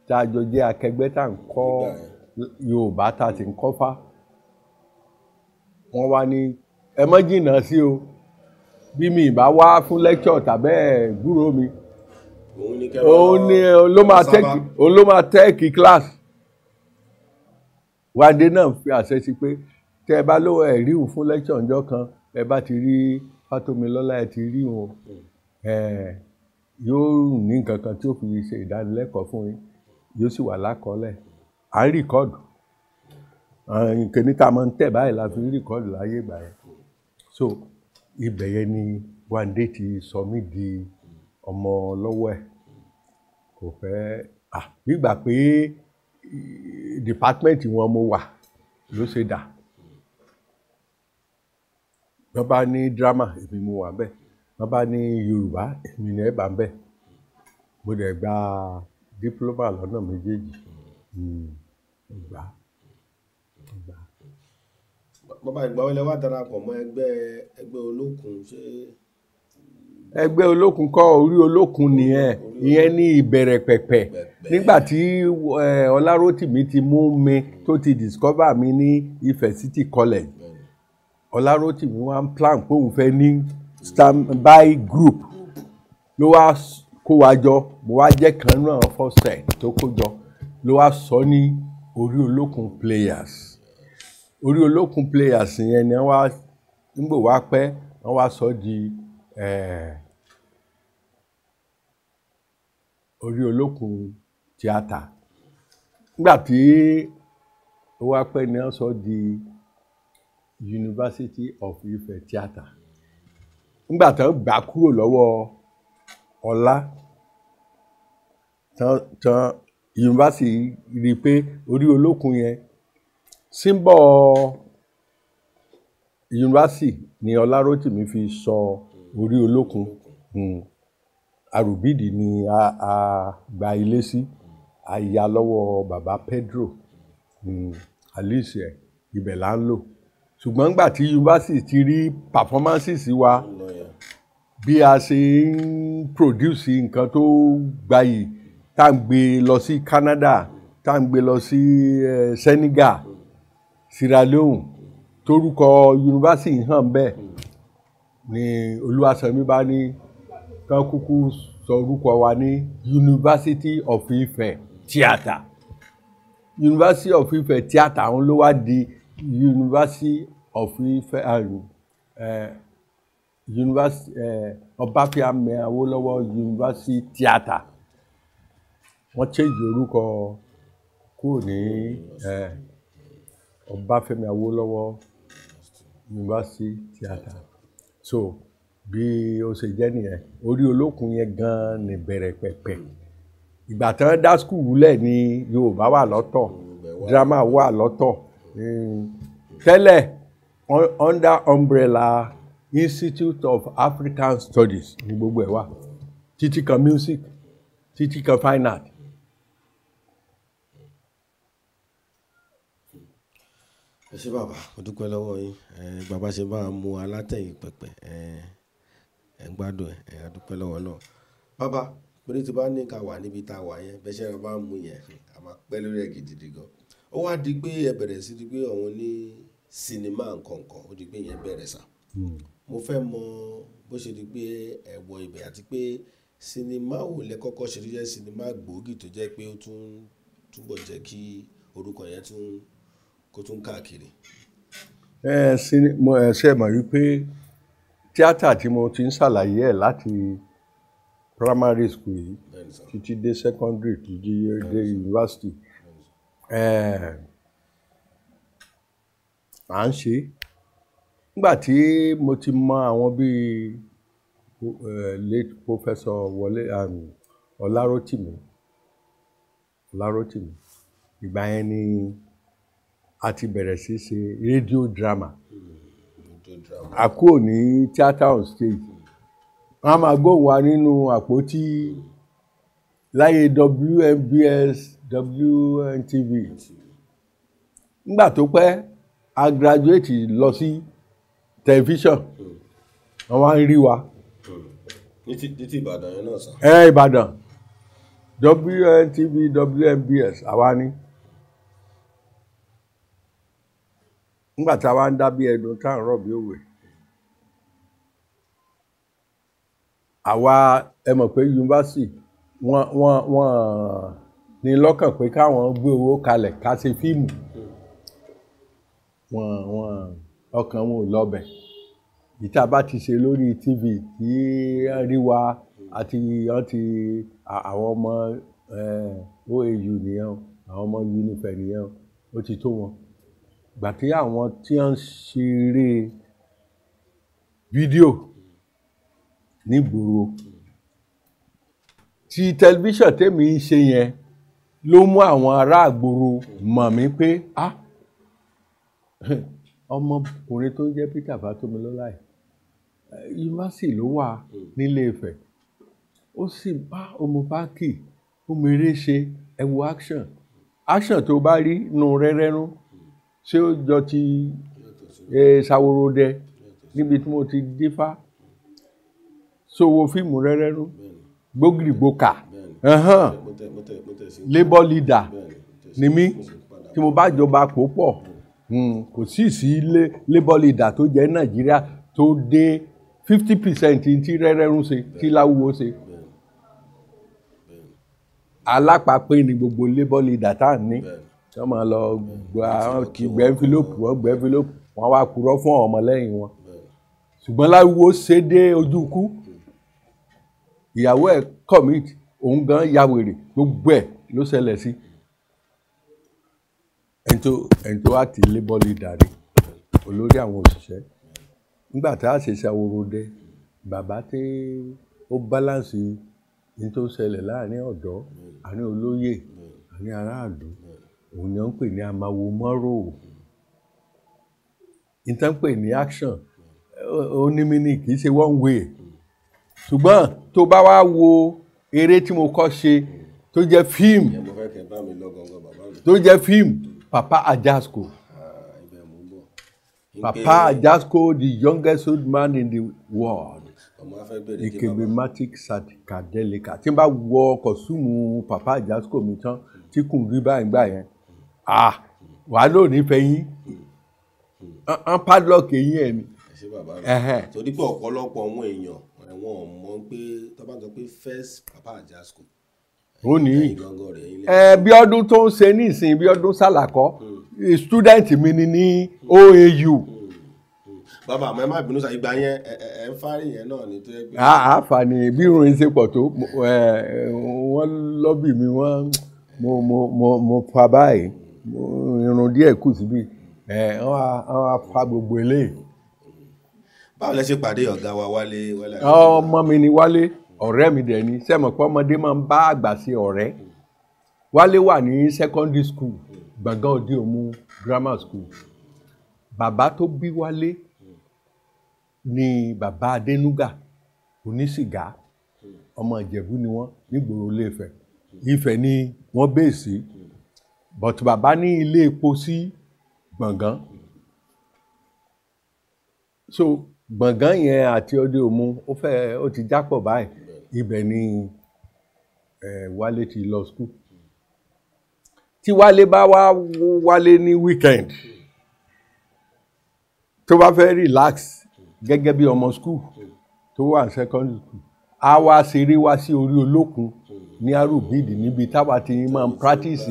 tá a jọ jẹ́ akẹgbẹ́ tá à ń kọ́ Yorùbá tá a sì ń kọ́ fá wọ́n wá ní ẹ mọ́ jìnnà sí o bí mi ì bá wá fún lecture tàbẹ́ ẹ̀ gbúrò mi òun ni òun ló máa tẹ́ẹ̀kì class wáde náà fi àṣẹ sí pé tẹ́ ẹ bá lówó ẹ̀ ríhùn fún lecture ǹjọ́ kan ẹ bá ti rí Fátómilọ́lá ẹ ti rí wọn yóò ní nǹkan kan tí ó fi ṣe ìdánilẹ́kọ̀ọ́ fún yín yóò sì wà lákọọ́lẹ̀ à ń rìkọ́ọ̀dù nǹkan níta máa ń tẹ̀ báyìí la fi ń rìkọ́ọ̀dù láyé ìgbà yẹn so ibẹ̀ yẹn ni Wándé ti sọ mí di ọmọ lọ́wọ́ ẹ̀ kò fẹ́ à gbígbà pé eh, dìpátmẹ́ǹtì wọn mo wà ló ṣe dà wọ́n bá ní dírámà èmi mo wà bẹ́ẹ̀ wọ́n bá ní Yorùbá èmi ni ẹ̀ bẹ́ẹ̀ mo dẹ̀ gba dípúlọ́mà lọ́nà méjèèjì hmm, gbà. Mm bàbá ìgbà wọlé wá darapọ̀ mọ́ ẹgbẹ́ ẹgbẹ́ olókun ṣé. ẹgbẹ́ olókun kọ́ orí olókun nìyẹn ìyẹn ní ìbẹ̀rẹ̀ pẹ̀pẹ̀ nígbà tí ọlárótìmí ti mú mi tó ti discover mi ní Ifẹ̀ City College ọlárótìmí wá ń plan pé òun fẹ́ ní standby group ló wá kó wa jọ mo wá jẹ́ kan náà first time tó kó jọ ló wá sọ ní orí olókun players orí olókun players yẹn ni wọ́n nígbò wá pẹ́ wọ́n wá sọ di eh, orí olókun tíátà nígbà tí ó wá pẹ́ ni wọ́n sọ di University of Ife Theatre nígbà tí wọ́n gbà kúrò lọ́wọ́ ọlá tán tán yunifásitì rí i pé orí olókun yẹn símbọ̀ yunifásitì ni ọlárótìmí fi sọ orí olókun hmm. arùbídì ni a, a gba ilé sí a yá lọ́wọ́ baba pedro mm. alice ibẹ̀ là ń lò ṣùgbọ́n nígbà tí yunifásitì ti rí performances wa bí a ṣe ń produce nǹkan tó gbayì tá à ń gbé lọ sí Canada tá à ń gbé lọ sí eh, Senegal Sierra Leone torúkọ yunifásitì hàn bẹ́ẹ̀ ni Olúwaṣẹ́mi bá ní kán kúkú sọ wa ní University of Ife Theatre University of Ife Theatre àwọn ló wá di University of Ife Ọbáfẹ́mi Awólọ́wọ̀ University Theatre wọ́n change orúkọ kúrò ní. Eh, Ọbáfẹ́mi Awólọ́wọ̀ University Theatre so bí ó ṣe jẹ́ nìyẹn orí olókùn yẹn gan-an ní bẹ̀rẹ̀ pẹ̀pẹ̀ ìgbà tí wọ́n dá skul lẹ̀ ní Yorùbá wà lọ́tọ̀ drama wà lọ́tọ̀ tẹ́lẹ̀ under umbrella Institute of African Studies ní gbogbo ẹ̀ wà títí kan music titi kan fine art ẹ ṣé bàbá. mo dúpẹ́ lọ́wọ́ yín bàbá ṣe bá a mú alátẹ̀yìn pẹ̀pẹ̀ ẹ̀ ń gbádùn ẹ̀ a dúpẹ́ lọ́wọ́ náà. bàbá mo ní ti bá ní ká wà níbi tá a wà yẹn bẹ́ẹ̀ ṣe ẹ bá mú yẹn a máa pẹ́ lórí ẹ̀ gidigidi gan. ó wá di pé ẹ bẹ̀rẹ̀ sí di pé òun ní sinimá nkankan ó di pé yẹn bẹ̀rẹ̀ sà. Hmm. mo fẹ́ mọ bó ṣe di pé ẹ wọ ibẹ̀ àti pé sinimá wo lẹ kọ́kọ́ ṣe tó jẹ́ sinimá gbòógì tó jẹ́ pé ó tún túbọ̀ jẹ́ kí orúkọ yẹn tún kó tún káàkiri. ẹ ẹ sí ẹ ṣe mọ̀ wípé tíátà tí mo ti ń ṣàlàyé ẹ̀ láti primary school yìí títí dé secondary títí dé university à ń ṣe nígbà tí mo ti mọ àwọn bíi late professor Wọlé um, Ọlárótìmí Ọlárótìmí ìgbà yẹn ni. a ti bẹ̀rẹ̀ sí ṣe rédíò drama a kúrò ní theatre on stage wọn a máa gbóhùn wa nínú àpótí láyé WMBS WNTV nígbà tó pẹ́ a graduate lọ sí tẹlifíṣàn wọn wá ń rí wa. ní Ìbàdàn yẹn náà ẹ Ìbàdàn WNTV WMBS àwa ni. Mm. nígbà tá a wá ń dá bí ẹdun tá à ń rọ̀bí òwe àwa ẹ mọ̀ pé yunifásitì wọ́n wọ́n wọ́n ní lọ́kàn pé káwọn gbé owó kalẹ̀ ká ṣe fíìmù wọ́n wọ́n ọkàn wọn ò lọ́bẹ̀ ìta bá ti ṣe lórí tv tí rí wa àti àti àwọn ọmọ oau nìyẹn àwọn ọmọ unifẹ e nìyẹn ó ti tó wọn ìgbà tí àwọn tí wọ́n ń ṣeré fídíò nígboro ti tẹlifíṣàn tèmi ń ṣe yẹn ló mú àwọn ará mọ̀ mí pé ah ọmọkùnrin tó jẹ́ Peter Fatomilola yunifásitì ló wà nílé Ifẹ̀ ó sì bá ọmọ báàkì ọmọ eré ṣe ẹ wo action action tó bá rí nu rẹ́rẹ́rún ṣé ó jọ ti ṣàwòròdẹ níbi tí mo ti dífá sowo fíìmù rẹ́rẹ́rú gbógìrìgbókà labour leader ni mí tí mo bá jọba kó pọ̀ hmm, kò sí sí labour leader tó jẹ́ nàìjíríà tó dé fifty percent tí rẹ́rẹ́rún ṣe tí láwùwọ́ ṣe alápapẹ́ ni gbogbo labour leader tá à ń ní tí wọ́n máa lọ gba kí gbẹ́ ẹ́ńfílópù wọ́n gbẹ́ ẹ́ńfílópù wọ́n wá kúrọ́ fún ọmọlẹ́yìn wọn ṣùgbọ́n láwùwọ́ ṣe dé ojú kú ìyàwó ẹ̀ commit òun gan ya wèrè gbogbo ẹ̀ ló ṣẹlẹ̀ sí ẹ̀ńtò ẹ̀ńtò àti labour leader rẹ̀ olórí àwọn òṣìṣẹ́ nígbà tá a ṣe ṣàwòrán bàbá tí ó balance ní tó ṣẹlẹ̀ láàrin ọ̀dọ́ àárín olóyè àárín aráàlú òun ni wọ́n ń pè ní amawomọ́rò ìtàn pè ní action ó ní kì í ṣe one way ṣùgbọ́n tó bá wá wo eré tí mo kọ́ ṣe tó jẹ́ fíìmù tó jẹ́ fíìmù Papa Ajasco ah, Papa Ajasco the youngest old man in the world ekebematic sadikadelica tí n bá wọ kọ̀sùmù Papa Ajasco mi tán tí kùn rí báyìí gbà yẹn ah wàá lò ní fẹyín an padlock eyín ẹ ni. ṣe bàbá rẹ torí pé ọ̀pọ̀lọpọ̀ àwọn èèyàn ẹ̀wọ̀n mọ̀ pé tọ́ba pé first papa ajasco. ó ní ẹ bí ọdún tó ń ṣe nísìnyí bí ọdún sàlàkọ hmm. eh, student mi ni ní OAU. Hmm, hmm. bàbá àmọ́ ẹ má bínú sàyí gba yẹn ẹ ń fárí yẹn náà ní tó ẹgbẹ́. àǹfààní bí irun ṣe pọ̀ tó wọ́n lọ́bì mi wọ́n mo mo mo fa báyìí irun díẹ̀ kù síbi wọ́n á fa gbogbo eléyìí. báwo lẹ ṣe pàdé ọ̀gá wa wálé wálé. ọmọ mi ni wálé ọ̀rẹ́ mi dẹ̀ ni sẹ́mọ̀ pé ọmọdé máa ń bá àgbà sí ọ̀rẹ́ wálé wà ní secondary school gbọ̀ngàn òde òmu grammar school bàbá tó bí wálé ni bàbá adénúgà onísìgá ọmọ ìjẹ̀bú ni wọ́n nígboro ilé Ifẹ̀ Ifẹ̀ ni wọ́n bẹ́ẹ̀ sí. Mm but bàbá ní ilé epo sí gbọ̀ngàn so gbọ̀ngàn yẹn àti ọdẹ òmu ó fẹ́ ó ti jápọ̀ báyìí ibẹ̀ ni ẹ̀ wálé ti lọ skul tí wálé bá wá wálé ní weekend tó bá fẹ́ relax gẹ́gẹ́ bí ọmọ skul tó wà ní secondary school a wá ṣeré wá sí orí olókun ní arúgbìdì níbi táwa ti máa practice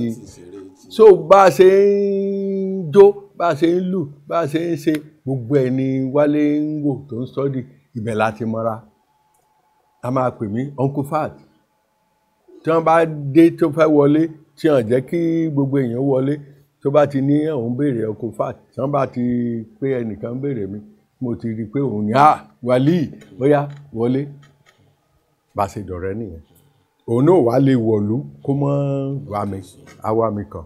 so bá a ṣe ń jó bá a ṣe ń lù bá a ṣe ń ṣe gbogbo ẹ̀ ni wálé ń wò tó ń sọ́dì ibẹ̀ láti mọ́ra a máa pè mí uncle fat tí wọ́n bá dé tó fẹ́ wọlé tí wọ́n jẹ́ kí gbogbo èèyàn wọlé tó bá ti ní òun béèrè uncle fat tí wọ́n bá ti pé ẹnìkan béèrè mi mo ti rí i pé òun ni a ah, wálé ó wọlé bá a ṣe dọ̀rẹ́ nìyẹn òun náà wàá lè wọ̀lú kó mọ́ wá mi àwa mi kàn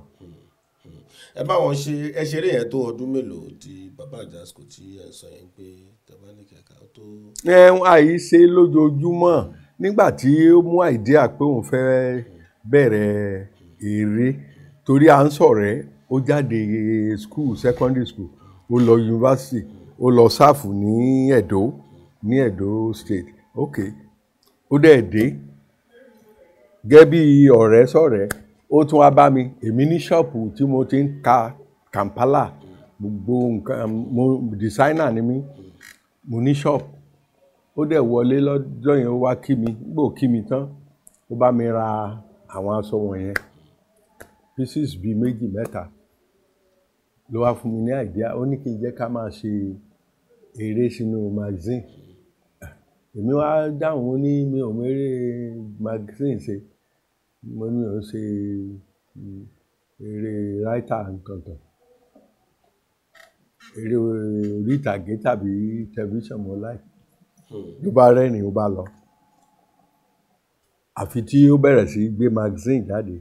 ẹ bá wọn ṣe ẹ ṣeré yẹn tó ọdún mélòó tí bàbá àjàsíkò tí ẹ sọ yẹn pé tàbá ní kẹkà ó tó. ẹ àyè ṣe lójoojúmọ́ nígbà tí ó mú àìdíà pé òun fẹ́ bẹ̀rẹ̀ eré torí à ń sọ̀rọ̀ ó jáde school secondary school ó lọ university, ó lọ sáfù ní Ẹdó ní Ẹdó state ok ó dẹ̀ dé gẹ́bí ọ̀rẹ́ sọ̀rẹ́ ó tún wá bá mi èmi ní ṣọ́ọ̀pù tí mo ti ń ka Kampala gbogbo nǹkan mo designer ni mí mo ní ṣọ́ọ̀pù ó dẹ̀ wọlé lọ́jọ́ yẹn ó wá kí mi gbò kí mi tán ó bá mi ra àwọn aṣọ wọ̀nyẹn pieces bíi méjì mẹ́ta ló wá fún mi ní àìdíà ó ní kí n jẹ́ ká máa ṣe eré sínú magazine èmi wá dáhùn ó ní mi ò mọ magazine ṣe mo ní mò ń ṣe mm, eré ráítà nǹkan kan eré orí ìtàgé tàbí tẹlifíṣàn mo láì ló bá rẹ́rìn-ín ó bá lọ àfi tí ó bẹ̀rẹ̀ sí gbé magazine jáde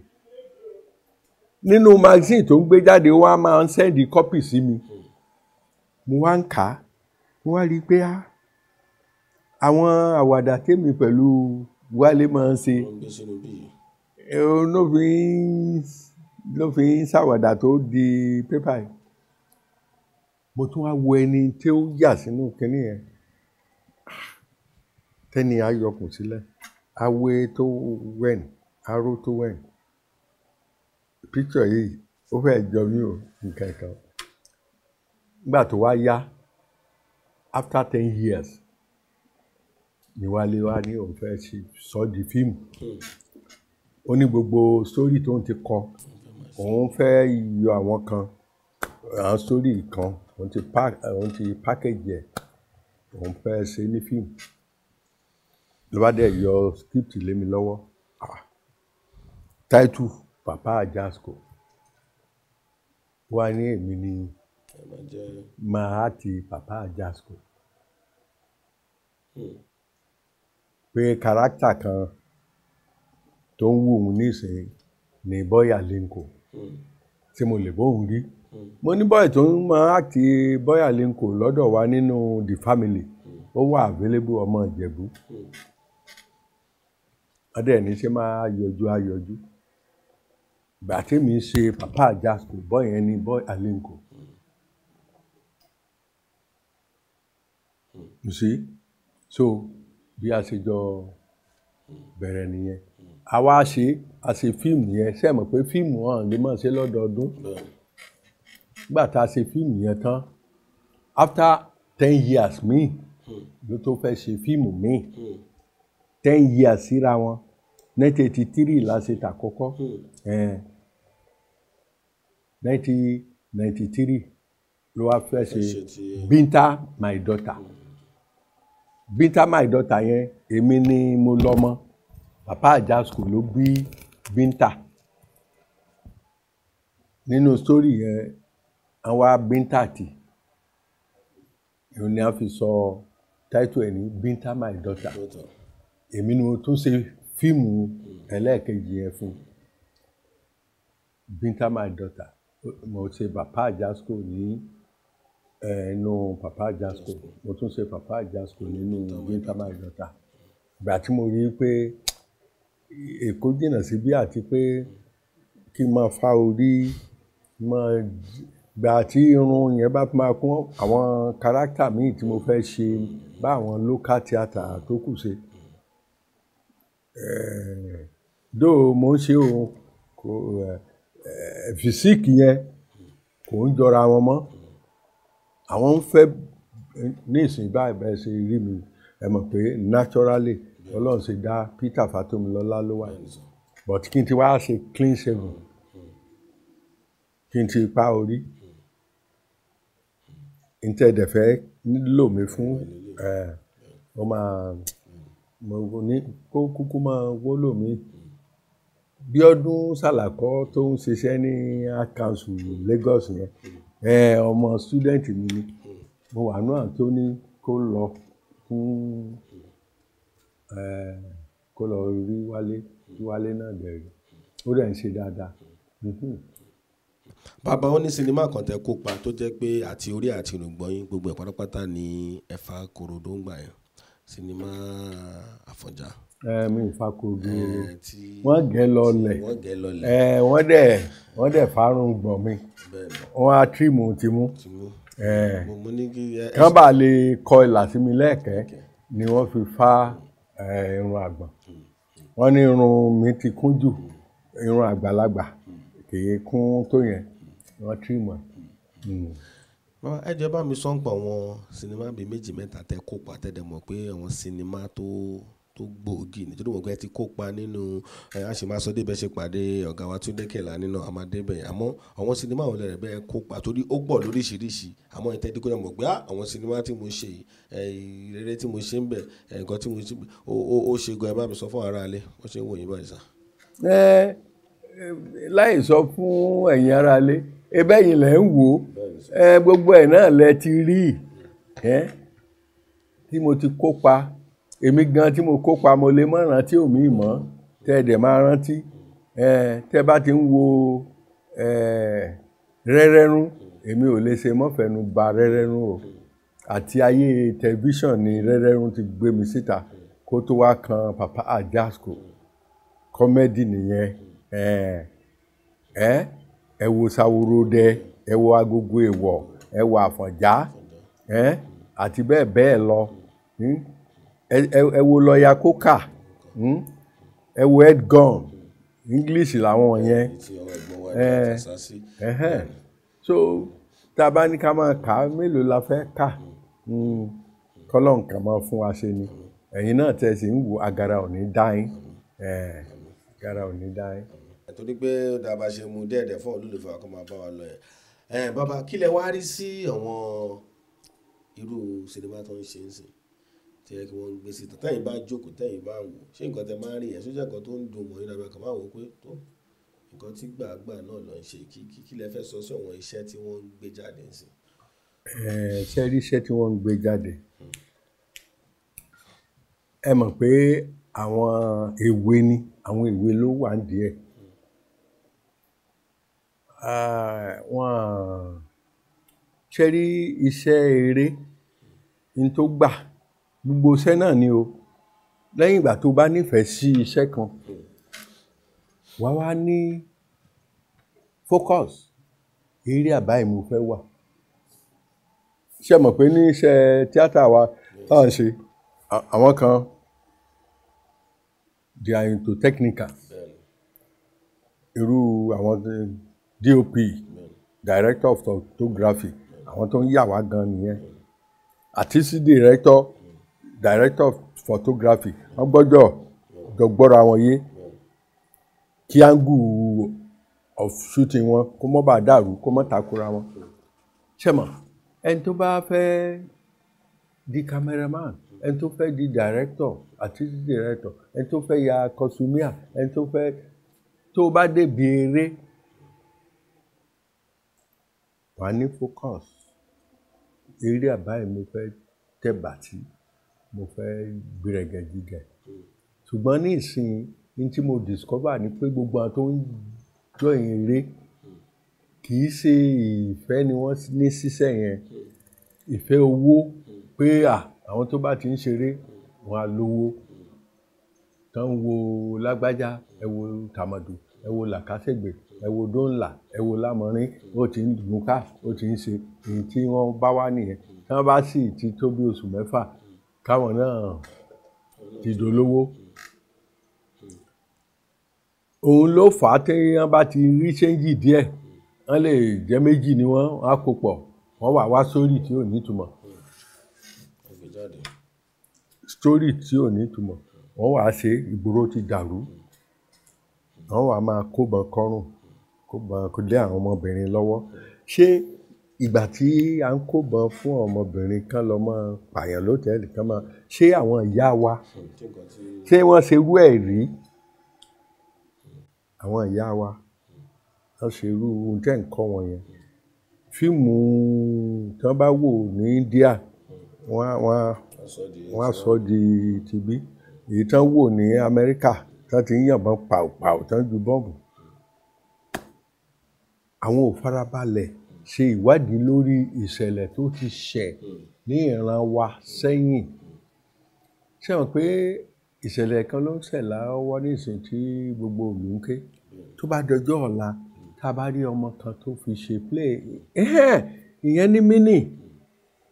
nínú magazine tó ń gbé jáde wá máa ń sẹ́ndì kọ́pì sí mi mo wá ń kà á mo wá rí i pé ah, àwọn àwàdà tèmi pẹ̀lú Wálé máa ń ṣe ló fi ń ló fi ń ṣàwàdà tó di pépà yìí mo tún wá wo ẹni tí ó yà sínú kinní yẹn tẹ́ni ayọkùn sílẹ̀ awe tó wẹ̀n aró tó wẹ̀n píkṣọ̀ yìí ó fẹ́ jọ mí o nǹkan kan nígbà tó wá yá after ten years ni wálé wá ní òun fẹ́ ṣe sọ di fíìmù. Hmm ó ní gbogbo sórí tó ń ti kọ òun fẹ́ yọ àwọn kan àwọn sórí kan òun ti pack òun ti package ẹ̀ òun fẹ́ ṣe ní fíìmù ló bá dẹ̀ yọ script lé mi lọ́wọ́ táìtù Papa Ajasco wá ní èmi ni màá ti Papa Ajasco hmm. pé kàrákítà kan. Hmm tó ń wù òun nísìnyí ni bọ́yà linko hmm. tí mo lè bóun rí hmm. mo ní bọ́yà tó ń máa àti bọ́yà linko lọ́dọ̀ wa nínú the family hmm. ó wà available ọmọ ìjẹ̀bú ọdẹ ní ṣe máa yọjú ayọjú ìgbà tí mi ṣe papa jasco bọ́ yẹn ni bọ́yà linko. you see so bí a ṣe jọ bẹ̀rẹ̀ nìyẹn àwa ṣe àṣe fíìmù yẹn ṣe mọ̀ pé fíìmù ọ̀hún lè mọ̀ ṣe lọ́dọọdún nígbà tá a ṣe fíìmù yẹn tán after ten years míì hmm. ló tó fẹ́ ṣe fíìmù míì hmm. ten years síra wọn nineteen eighty three la ṣe tàkọ́kọ́ hmm. nineteen ninety three ló wá fẹ́ ṣe Binta my daughter Binta my daughter yẹn èmi ni mo lọ́mọ. Mm bàbá àjàsùkò ló bí bíńtà nínú sítórì yẹn àwa bíńtà tì ìròyìn a fi sọ táìtù ẹ̀ ní bíńtà my daughter èmi ni mo tún ṣe fíìmù ẹlẹ́ẹ̀kejì yẹn fún bíńtà my daughter mo ṣe bàbá àjàsùkò ní ẹnu papa jasco mo tún ṣe papa jasco nínú winter my daughter ìgbà tí mo rí i pé èkó jìnnà síbí àti pé kí n máa fa orí máa gbà tí irun yẹn bá máa kún àwọn kárátà míì tí mo fẹ́ ṣe bá àwọn local theatre tó kù ṣe. dó eh, mo ń ṣe òun kò fìsíkì eh, yẹn kò ń jọra wọn mọ́ àwọn ń fẹ́ ní ìsìn báyìí bẹ́ẹ̀ ṣe rí mi ẹ mọ̀ pé naturally ọlọ́run ṣe dá Peter Fatomilọ́lá ló wà but kí n ti wá ṣe clean seven hmm. kí n ti pa orí hmm. n tẹ́ dẹ̀ fẹ́ nílò mi fún ẹ̀ ọ eh, máa hmm. mo ní kó kúkú máa wólò mi bí ọdún sàlàkọ́ tó ń ṣiṣẹ́ ní akansu Lagos yẹn ọmọ student mi ni mo wà náà tó ní kó lọ fún kó lọ rí wálé tí wálé náà dẹ̀ rí ó dẹ̀ ń ṣe dáadáa. Mhm. bàbá ó ní sinimá kan tẹ kópa tó jẹ́ pé àti orí àti irùngbọ̀n yín gbogbo ẹ̀ pátápátá ni ẹ̀fà korodo ń gbà yẹn sinimá àfọ̀njá. ẹ mi ìfà korodo wọ́n gẹ́ lọlẹ̀ ẹ wọ́n dẹ̀ wọ́n dẹ̀ fárùn gbọ̀n mi wọ́n á tìmù kí wọ́n bá lè kọ ìlà sí mi lẹ́ẹ̀kẹ́ ni wọ́n fi fá. Okay irun àgbọ̀n hmm, hmm. wọ́n ní irun mi ti kún jù hmm. irun àgbàlagbà kìí kún tó yẹn wọ́n tì mọ́. bàbá ẹ jẹ́ bá mi sọ́ǹpọ̀ àwọn sinimá bíi méjì mẹ́ta tẹ́ kópa tẹ́ dẹ̀ mọ̀ pé àwọn sinimá Tó tó gbòógì nítorí wọn gbẹ ti kópa nínú àṣemáṣọdé bẹ́ẹ̀ ṣe pàdé ọ̀gá wa Túndé Kẹ̀lá nínú àmàdébẹ̀ àmọ́ àwọn sinimá àwọn ẹlẹ́rẹ̀ bẹ́ẹ̀ kópa torí ó gbọ́ lóríṣiríṣi àmọ́ ẹ̀ tẹ́tí kúrẹ́ mọ̀ pé ah, àwọn sinimá tí mo ṣe ìrere tí mo ṣe ń bẹ̀ nǹkan tí mo ṣe ó ṣe gan ẹ bá mi sọ fún aráalé ó ṣe ń wòye báyìí sá. ẹ láì sọ fún ẹ̀yin aráalé ebe yìí lẹ ń wò ó gbogbo ẹ̀ náà lẹ ti rí ẹ tí mo ti kópa èmi gan tí mo kópa mo lè mọ rántí òmí mọ tẹ ẹ dẹ máa rántí tẹ bá ti ń wo rẹrẹrún èmi ò lè ṣe mọ́fẹ́nu ba rẹrẹrún o àti ayé tẹlifíṣàn ni rẹrẹrún ti gbé mi síta kó tó wá kan Papa Ajasco kọ́mẹ́dì nìyẹn ẹ ẹ wo Sàwòròdẹ ẹ wo Agogo Èwọ̀ ẹ wo Àfọ̀njá ẹ àti bẹ́ẹ̀ bẹ́ẹ̀ lọ. Hmm? ẹ wo lọ́ọ̀yà kókà hmm? ẹ wo edgon english làwọn yẹn so tá a bá ní ká máa kà á mélòó la fẹ́ kà hmm, kọ́lọ́n kan máa fún wa ṣe ni ẹ̀yin náà tẹ̀ sí ń wo agara òní dáín agara òní dáín. torí pé dàbà ṣe mu dẹ́ẹ̀dẹ́ fún olólùfẹ́ wa kó máa bá wa lọ ẹ̀ bàbá kí lẹ wá rí sí àwọn irú sinimá tó ń ṣe ń sìn tí ẹ kí wọ́n ń gbé síta tẹ́yìn bá jókòó tẹ́yìn bá wò ṣé nǹkan tẹ máa ń rí ẹ̀ sójà kan tó ń dùn mọ́ ìrìnàmọ́ kan máa wò pé tó nǹkan tí gbàgbà náà lọ ń ṣe kí kí lẹ fẹ́ sọ sí àwọn iṣẹ́ tí wọ́n ń gbé jáde sí. ẹ ṣe rí iṣẹ́ tí wọ́n ń gbé jáde ẹ mọ̀ pé àwọn èwe ni àwọn èwe ló wà ń díẹ̀ wọ́n ṣe rí iṣẹ́ eré ní tó gbà. Mm gbogbo iṣẹ́ náà ni o lẹ́yìn ìgbà tó bá nífẹ̀ẹ́ sí iṣẹ́ kan wá wá ní focus eré àbáyé mo fẹ́ wà ṣe mọ̀ pé ní iṣẹ́ tíátà wa tá à ń ṣe àwọn kan they are into technical irú àwọn DOP director of photography àwọn tó ń yà wá gan nìyẹn àti sí director director of photography wọ́n gbọ́dọ̀ dọ̀gbọ́ra wọn yé kí angle of shooting wọn kó mọ́ bá dàrú kó mọ́ takora wọn. ṣẹ́mọ̀ ẹni tó bá fẹ́ di cameraman ẹni tó fẹ́ di director artist director ẹni tó fẹ́ ya kọsumíà ẹni tó fẹ́ tó bá dé béèrè wà ní focus eré àbáyé mo fẹ́ tẹ̀ bàtí mo fẹ́ gbìrẹ̀gẹ̀ jíjẹ ṣùgbọ́n ní ìsìn ní tí mo discover ni pé gbogbo àwọn tó ń jọ ìrè kì í ṣe ìfẹ́ ni wọ́n ní ṣiṣẹ́ yẹn ìfẹ́ owó pé àwọn tó bá ti ń ṣeré wọn á lówó tán wo lágbájá ẹ wo tàmàdù ẹ wo làkàṣègbè ẹ wo dóńlà ẹ wo lámọrin ó ti ń dùn ká ó ti ń ṣe èyí tí wọ́n bá wá nìyẹn tí wọ́n bá sì ti tó bí oṣù mẹ́fà káwọn náà ti dolówó òun ló fà á tí wọ́n bá ti rí ṣéǹjì díẹ̀ wọ́n lè jẹ́ méjì ni wọ́n á kó pọ̀ wọ́n wà wá sórí tí ò nítumọ̀ sórí tí ò nítumọ̀ wọ́n wà á ṣe ìgboro ti dàrú wọ́n wà á máa kóbọn kọ́rùn kóbọn kó lé àwọn ọmọbìnrin lọ́wọ́ ṣé ìgbà tí à ń kóbọn fún ọmọbìnrin kan lọ mọ pààyàn lọ́tẹ̀ẹ̀lì kan mọ ṣé àwọn ìyá wa ṣé wọ́n ṣe irú ẹ̀ rí àwọn ìyá wa wọ́n ṣe irú ohun tẹ́ ń kọ́ wọn yẹn fíìmù tí wọ́n bá wò ní India wọ́n á sọ di tibí èyí tí wọ́n wò ní Amẹ́ríkà tí wọ́n ti ń yànbọn pàùpàù tí wọ́n ju bọ́ọ̀bù àwọn ò farabalẹ̀ ṣe ìwádìí lórí ìṣẹ̀lẹ̀ tó ti ṣẹ̀ ní ìran wa sẹ́yìn ṣe hàn pé ìṣẹ̀lẹ̀ kan ló ń ṣẹ̀ láwọ́ nísìnyí tí gbogbo òlù ń ké tó bá dọjọ́ ọ̀la tá a bá rí ọmọ kan tó fi ṣe play ìyẹn ní mínì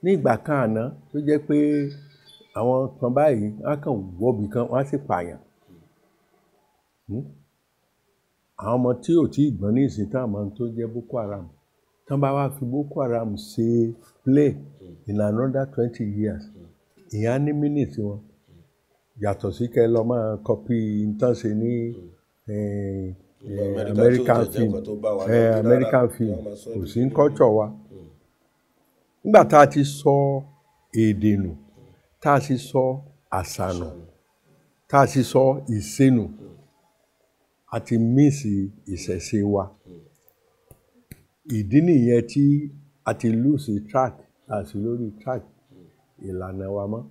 ní ìgbà kan àná tó jẹ́ pé àwọn kan báyìí wọ́n kàn wọ́bi kan wọ́n á sì pààyàn hmm? àwọn ọmọ tí ò tí ì gbọ́n ní ìsìn táwọn ọmọ tó jẹ́ Boko Haram tán bá wá fi boko haram ṣe play in another twenty years ìyẹn á ní minute wọn yàtọ̀ sí kẹ́ lọ máa kọ́pì ntánṣe ní American film American film kò sí culture wa nígbà tá a ti sọ èdè nù tá a ti sọ àṣà nù tá a ti sọ ìṣe nù a ti mísì ìṣẹ̀ṣe wa. Mm ìdí nìyẹn tí a ti lose track àti lórí track ìlànà wa mọ́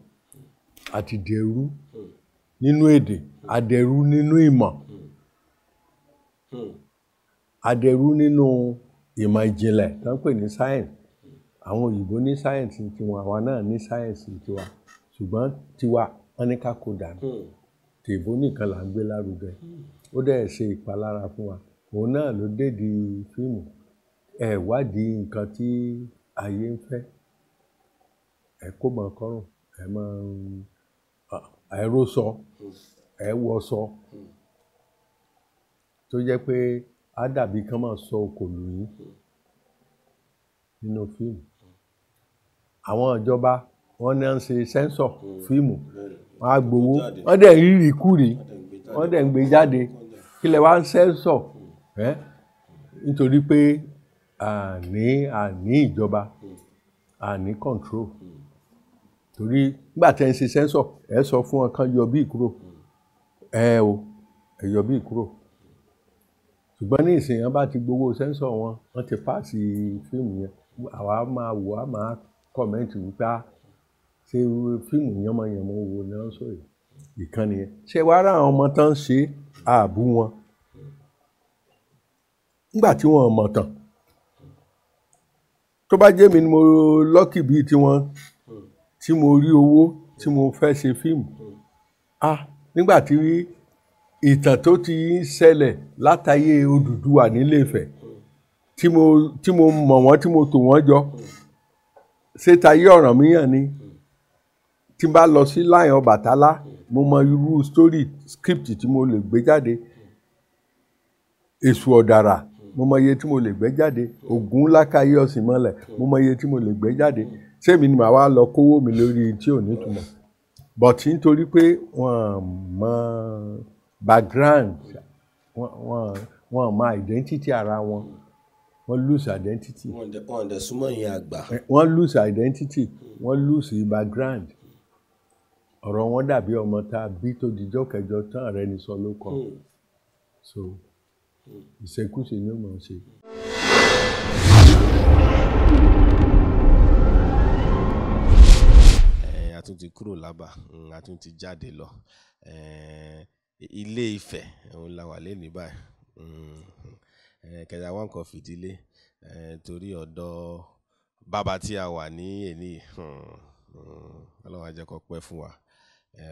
a ti dẹrú nínú èdè a dẹrú nínú ìmọ̀ a dẹrú nínú ìmọ̀ ìjìnlẹ̀ tó ń pè ní science àwọn òyìnbó ní science tiwọn àwa náà ní science tiwa ṣùgbọ́n tiwa wọn ní ká kó dànù tèbó nìkan là ń gbé lárugẹ ó dẹ̀ ṣe ìpalára fún wa òun náà ló dé di fíìmù ẹ wádìí nǹkan tí ayé ń fẹ́ ẹ kó mọ kọ́rùn ẹ mọ ẹ rósọ ẹ wọṣọ tó jẹ́ pé á dàbí kán máa sọ òkòlù yìí nínú fíìmù àwọn ìjọba wọn náà ń ṣe sẹ́ńsọ̀ fíìmù wọn á gbowó wọn dẹ̀ ń rírì kúrì wọn dẹ̀ ń gbé jáde kí lẹ wá ń sẹ́ńsọ̀ ẹ́ nítorí pé àní àní ìjọba àní control torí nígbà tẹ́ ń ṣe sẹ́ńsọ̀ ẹ sọ fún ọkàn yọ bí kúrò ẹ o ẹ yọ bí kúrò ṣùgbọ́n ní ìsìn yẹn bá ti gbowó sẹ́ńsọ̀ wọn wọ́n ti paasi fíìmù yẹn àwa máa wò á máa kọ̀mẹ́ǹtì wípé a ah, ṣe fíìmù yánmọ́yánmọ́ wo ni wọ́n sọ yìí ìkànnì yẹn ṣé wàá rà àwọn ọmọ tán ṣe ààbù wọn nígbà tí wọ́n mọ̀ tán tó bá jẹ́ mi ni mo lọ́kì bíi tiwọn hmm. tí mo rí owó tí mo fẹ́ ṣe fíìmù ah nígbà tí ìtàn tó ti ń ṣẹlẹ̀ látàyè Odùduwà nílé Ifẹ̀ hmm. tí mo tí mo mọ̀ wọ́n tí mo tò wọ́n jọ ṣé tayé Ọ̀rànmíyàn ni tí n bá lọ sí láyìn Ọbàtálá mo mọ irú story script tí mo lè gbé jáde Èṣù Ọ̀dàrà mo mọ iye tí mo lè gbé jáde ògùn ńlá ka yé ọsìn mọ́lẹ̀ mo mọ iye tí mo lè gbé jáde sẹ́mi ni màá wá lọ kówó mi lórí tí ò ní túmọ̀ but nítorí pé wọ́n mọ background wọ́n wọ́n mọ identity ara wọn wọ́n lose identity. wọ́n dẹ̀ súnmọ́ yín àgbà. Eh, wọ́n lose identity wọ́n lose background ọ̀rọ̀ wọn dàbí ọmọ tá a bí tó dijọ́ kẹjọ tán rẹ ní sọ ló kọ. Hmm. so ìṣekúṣe ni ó máa ṣe. a tún ti kúrò lába a tún ti jáde lọ ilé Ifẹ̀ òun la wà lẹ́nu báyìí kẹjà wọn kàn fìdílé torí ọ̀dọ̀ bàbá tí a wà ní èní ọlọ́run á jẹ́ kó pẹ́ fún wa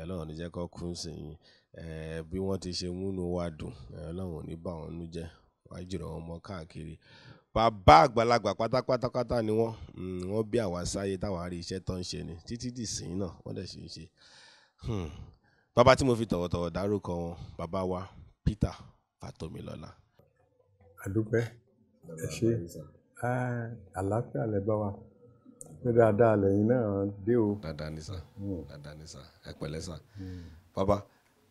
ọlọ́run ní kún sí yín eh, bí wọ́n ti ṣe mú inú wa dùn, eh, Ọlọ́run ò ní bà wọ́n nú jẹ́. Wọ́n á jìrọ̀ wọ́n mọ́ káàkiri. Bàbá àgbàlagbà pátápátápátá ni wọ́n. Hmm, wọ́n bí àwa sáyé táwa rí iṣẹ́ tó ń ṣe ni. Títí di ìsìn náà wọ́n dẹ̀ ṣì ń ṣe. Hmm. Bàbá tí mo fi tọ̀wọ̀tọ̀wọ̀ dárúkọ wọn, bàbá wa Peter Fatomilola. Àdúpẹ́, ẹ ṣé. Àlàáfíà lẹ bá wa. Pé dáadáa lẹ́yìn náà dé o. Dáadáa ni sà. Hmm. Dáadáa ni sà. Ẹ pẹ̀lẹ́ sà. Hmm. Bàbá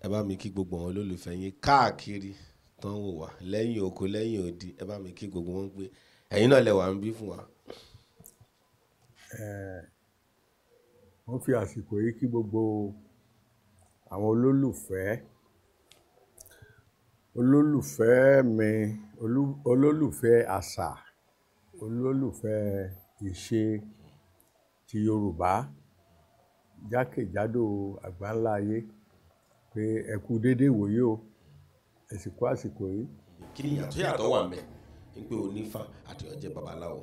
ẹ bá mi kí gbogbo àwọn olólùfẹ́ yín káàkiri tán wò wá lẹ́yìn oko lẹ́yìn odi ẹ bá mi kí gbogbo wọn pé ẹ̀yin náà lẹ wà ń bí fún wa. wọ́n fi àsìkò yìí kí gbogbo àwọn olólùfẹ́ olólùfẹ́ mi olólùfẹ́ àṣà olólùfẹ́ ìṣe ti Yorùbá jákèjádò àgbáńlá ayé pé ẹ kú déédéé wòye o ẹ sì kú àsìkò yìí. kí ni ìyàtọ̀ yàtọ̀ wà mẹ́ ń pé onífá àti ọ̀jẹ̀ babaláwo.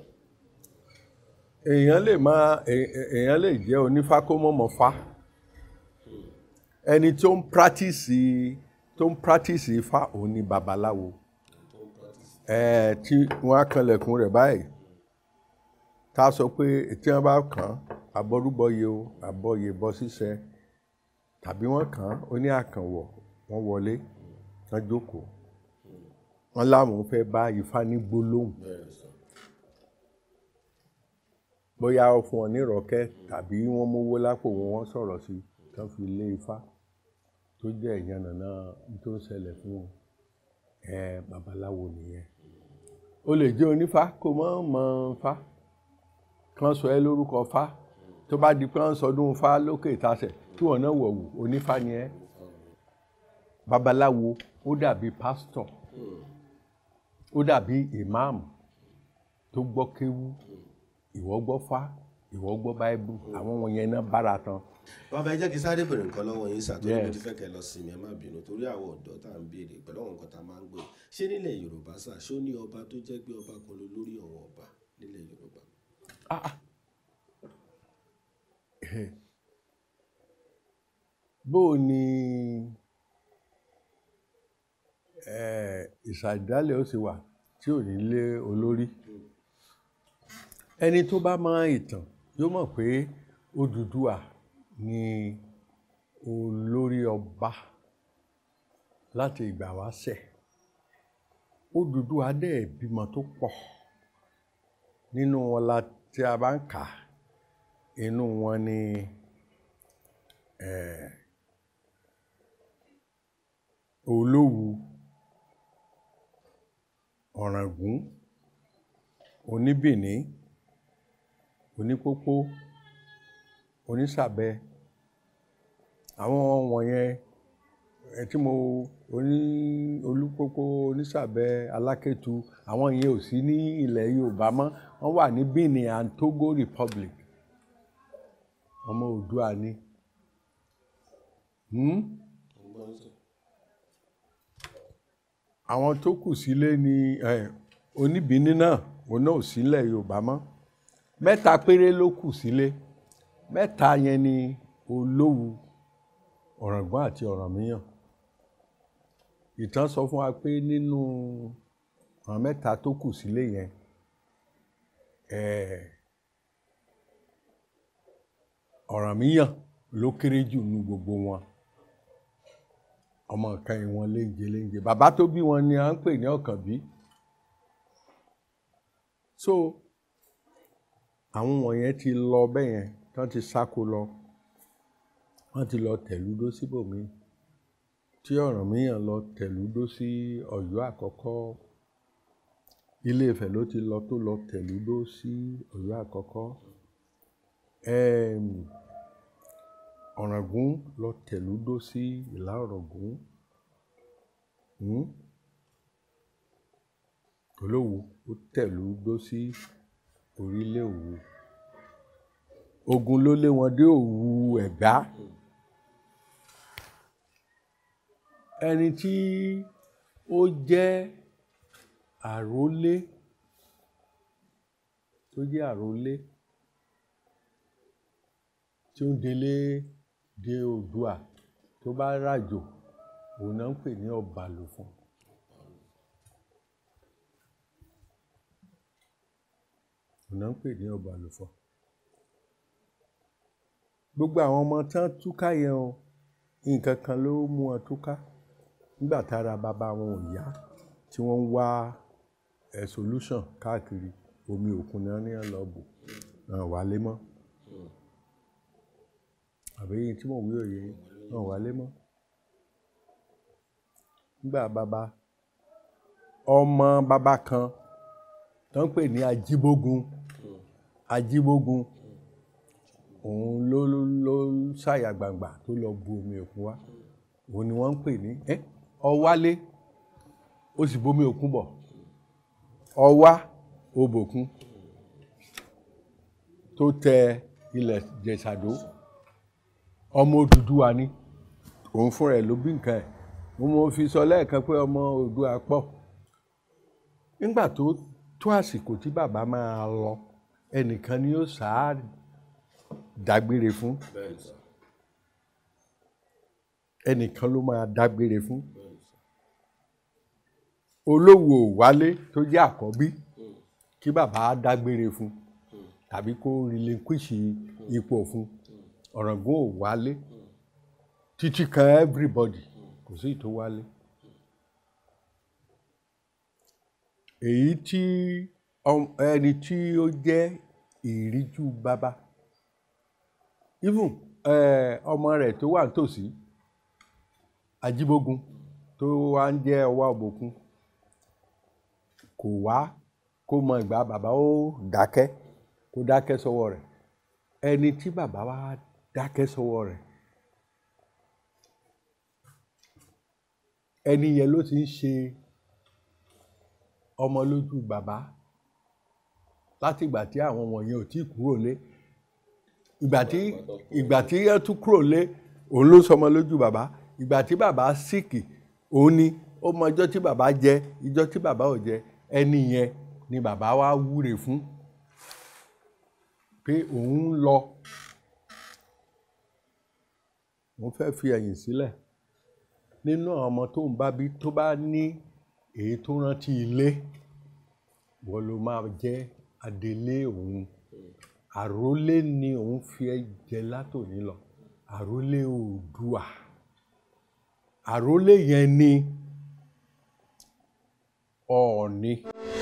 èèyàn lè máa èèyàn lè jẹ́ onífá kó mọ̀mọ́ fá ẹni tó ń pírátìsì tó ń pírátìsì ifá òun ni babaláwo ẹ̀ẹ́ tí wọ́n á kanlẹ̀kùn rẹ̀ báyìí tá a sọ pé tí wọ́n bá kàn án abọ́rúbọ̀yé o àbọ̀yé bọ́ sísẹ́. Si tàbí wọ́n kàn án ó ní àkànwọ̀ wọ́n wọlé wọ́n jókòó wọ́n láwọn fẹ́ bá ifá ní gbólóhùn bóyá ó fún ọ ní ìrọ̀kẹ́ tàbí wọ́n mówó lápò wọn wọ́n sọ̀rọ̀ sí kán fi lé ifá tó jẹ́ ìyànnànà tó ń ṣẹlẹ̀ fún wọn ẹ babaláwo nìyẹn o lè jẹ́ onífá kó mọ̀ mọ̀ fá kán sọ ẹ lórúkọ fá tó bá di pé wọ́n ń sọdún fá lókè ìtasẹ̀ kí wọn náà wọ̀ wò onífá ni ẹ́ babaláwo ó dàbí pásítọ̀ ó dàbí ìmáàmù tó gbọ́ kéwú ìwọ gbọ́ fá ìwọ gbọ́ báíbù àwọn wọn yẹn náà bára tán. bàbá ẹ jẹ́ kí sáré bèrè nǹkan lọ́wọ́ yín sàtọ́jú mo ti fẹ́ kẹ́ lọ sinmi ẹ má bínú torí àwọn ọ̀dọ́ tá à ń béèrè pẹ̀lú àwọn nǹkan tá a máa ń gbé ṣé nílẹ̀ yorùbá sà ṣó ní ọba tó jẹ́ pé ọba kan ló lórí ọ̀wọ́ ọba nílẹ̀ yorùbá. Ah, ah. Bó ni, ẹ́, ìsàjálẹ̀ ó ṣe wà tí ò ní lé olórí? Ẹni tó bá mọ ìtàn yóò mọ̀ pé Odùduwà ni olórí ọba láti ìgbà wáṣẹ̀. Odùduwà dẹ̀ bímọ tó pọ̀. Nínú wọn la tí a bá ń kà, inú wọn ni, ẹ́ olówú ọ̀ràngún oníbìíní onípópó onísàbẹ àwọn wọ̀nyẹn tí mo oní olúpópó onísàbẹ alákẹ́tu àwọn yẹn ò sí ní ilẹ̀ yorùbá mọ́ wọ́n wà ní benin and togo republic ọmọ oòdùà ni. Hmm? àwọn tó kù sílé ni oníbìíní náà òun náà ò sílẹ̀ yorùbá mọ́ mẹ́ta péré ló kù sílé mẹ́ta yẹn ni olówu ọ̀ràngún àti ọ̀rànmíyàn ìtàn sọ fún wa pé nínú àwọn mẹ́ta tó kù sílé yẹn ọ̀rànmíyàn ló kéré jù nínú gbogbo wọn ọmọ ìkẹyìn wọn léńjẹ léńjẹ bàbá tó bí wọn ni à ń pè ní ọ̀kànbí so àwọn wọ̀nyẹn ti lọ bẹ́yẹn tán ti sáko lọ wọ́n ti lọ tẹ̀lúdó síbòmíì tí Ọ̀rànmíyàn lọ tẹ̀lúdó sí Ọ̀yọ́ àkọ́kọ́ Ilé-Ifẹ̀ ló ti lọ tó lọ tẹ̀lúdó sí Ọ̀yọ́ àkọ́kọ́ ọ̀ràngún lọ tẹ̀lúdò sí ìlà ọ̀ràngún hmm? olówó ó tẹ̀lúdò sí orílẹ̀ òwú ogun ló lé wọn dé òwú ẹ̀gbá ẹni tí ó jẹ́ àrólé tó jẹ́ àrólé tí ó ń delé dé oòdùà tó bá rajò òun náà ń pè ní ọ̀bàlùfọ̀n òun náà ń pè ní ọ̀bàlùfọ̀n gbogbo àwọn ọmọ tán túká yẹn o nǹkan kan ló mú wọn túká nígbà tára bàbá wọn ò yá tí wọ́n ń wá ẹ̀ solution káàkiri omi òkun náà ní ẹ̀ lọ́ọ̀bù náà wálé mọ́ àbí tí mò ń wí òye náà wálé mọ́ nígbà bàbá ọmọ bàbá kan tó ń pè ní ajíbógun ajíbógun òun ló ló ṣàyà gbangba tó lọ bu omi òkun wá òun ni wọ́n ń pè ní ọwálé ó sì bomi òkun bọ̀ ọwá obòkun tó tẹ ilẹ̀ jẹ̀ṣàdó ọmọ Odùduwà ni òun fúnra ẹ̀ ló bí nǹkan ẹ̀ mo mọ fi sọ lẹ́ẹ̀kan pé ọmọ Odùduwà pọ̀ nígbà tó tó àsìkò tí bàbá máa lọ ẹnìkan ni ó sáà dágbére fún ẹnìkan ló máa dágbére fún olówó wálé tó jẹ́ àkọ́bí hmm. kí bàbá dágbére fún tàbí kó relinquish ipò fún. Mm Ọ̀ràngún wale wálé títí kan everybody kò sí ìtò wálé. èyí tí ẹni tí ó jẹ́ ìríjú bàbá even ọmọ rẹ̀ tó wà nítòsí ajíbógun tó wá ń jẹ́ ọwá òbòkun kò wá kó mọ ìgbà bàbá ó dákẹ́ kó dákẹ́ sọ́wọ́ rẹ̀ ẹni tí bàbá wa dákẹ́ sọ́wọ́ rẹ̀ ẹni yẹn ló ti ń ṣe ọmọ lójú bàbá látìgbà tí àwọn wọ̀nyẹn ò tí kúrò lé ìgbà tí ìgbà tí ẹ tún kúrò lé òun ló sọmọ lójú bàbá ìgbà tí bàbá síkì òun ni ó mọ ọjọ́ tí bàbá jẹ ìjọ́ tí bàbá ò jẹ ẹni yẹn ni bàbá wa wúre fún pé òun lọ òun fẹ́ fi ẹ̀yìn sílẹ̀ nínú àwọn ọmọ tó ń bá bí tó bá ní èyí tó rántí ilé wọ́n ló máa jẹ́ adelé òun àrólé ni òun fi ẹ jẹ látòní lọ àrólé oòdùà àrólé yẹn ni ọ̀ọ́ni. Oh,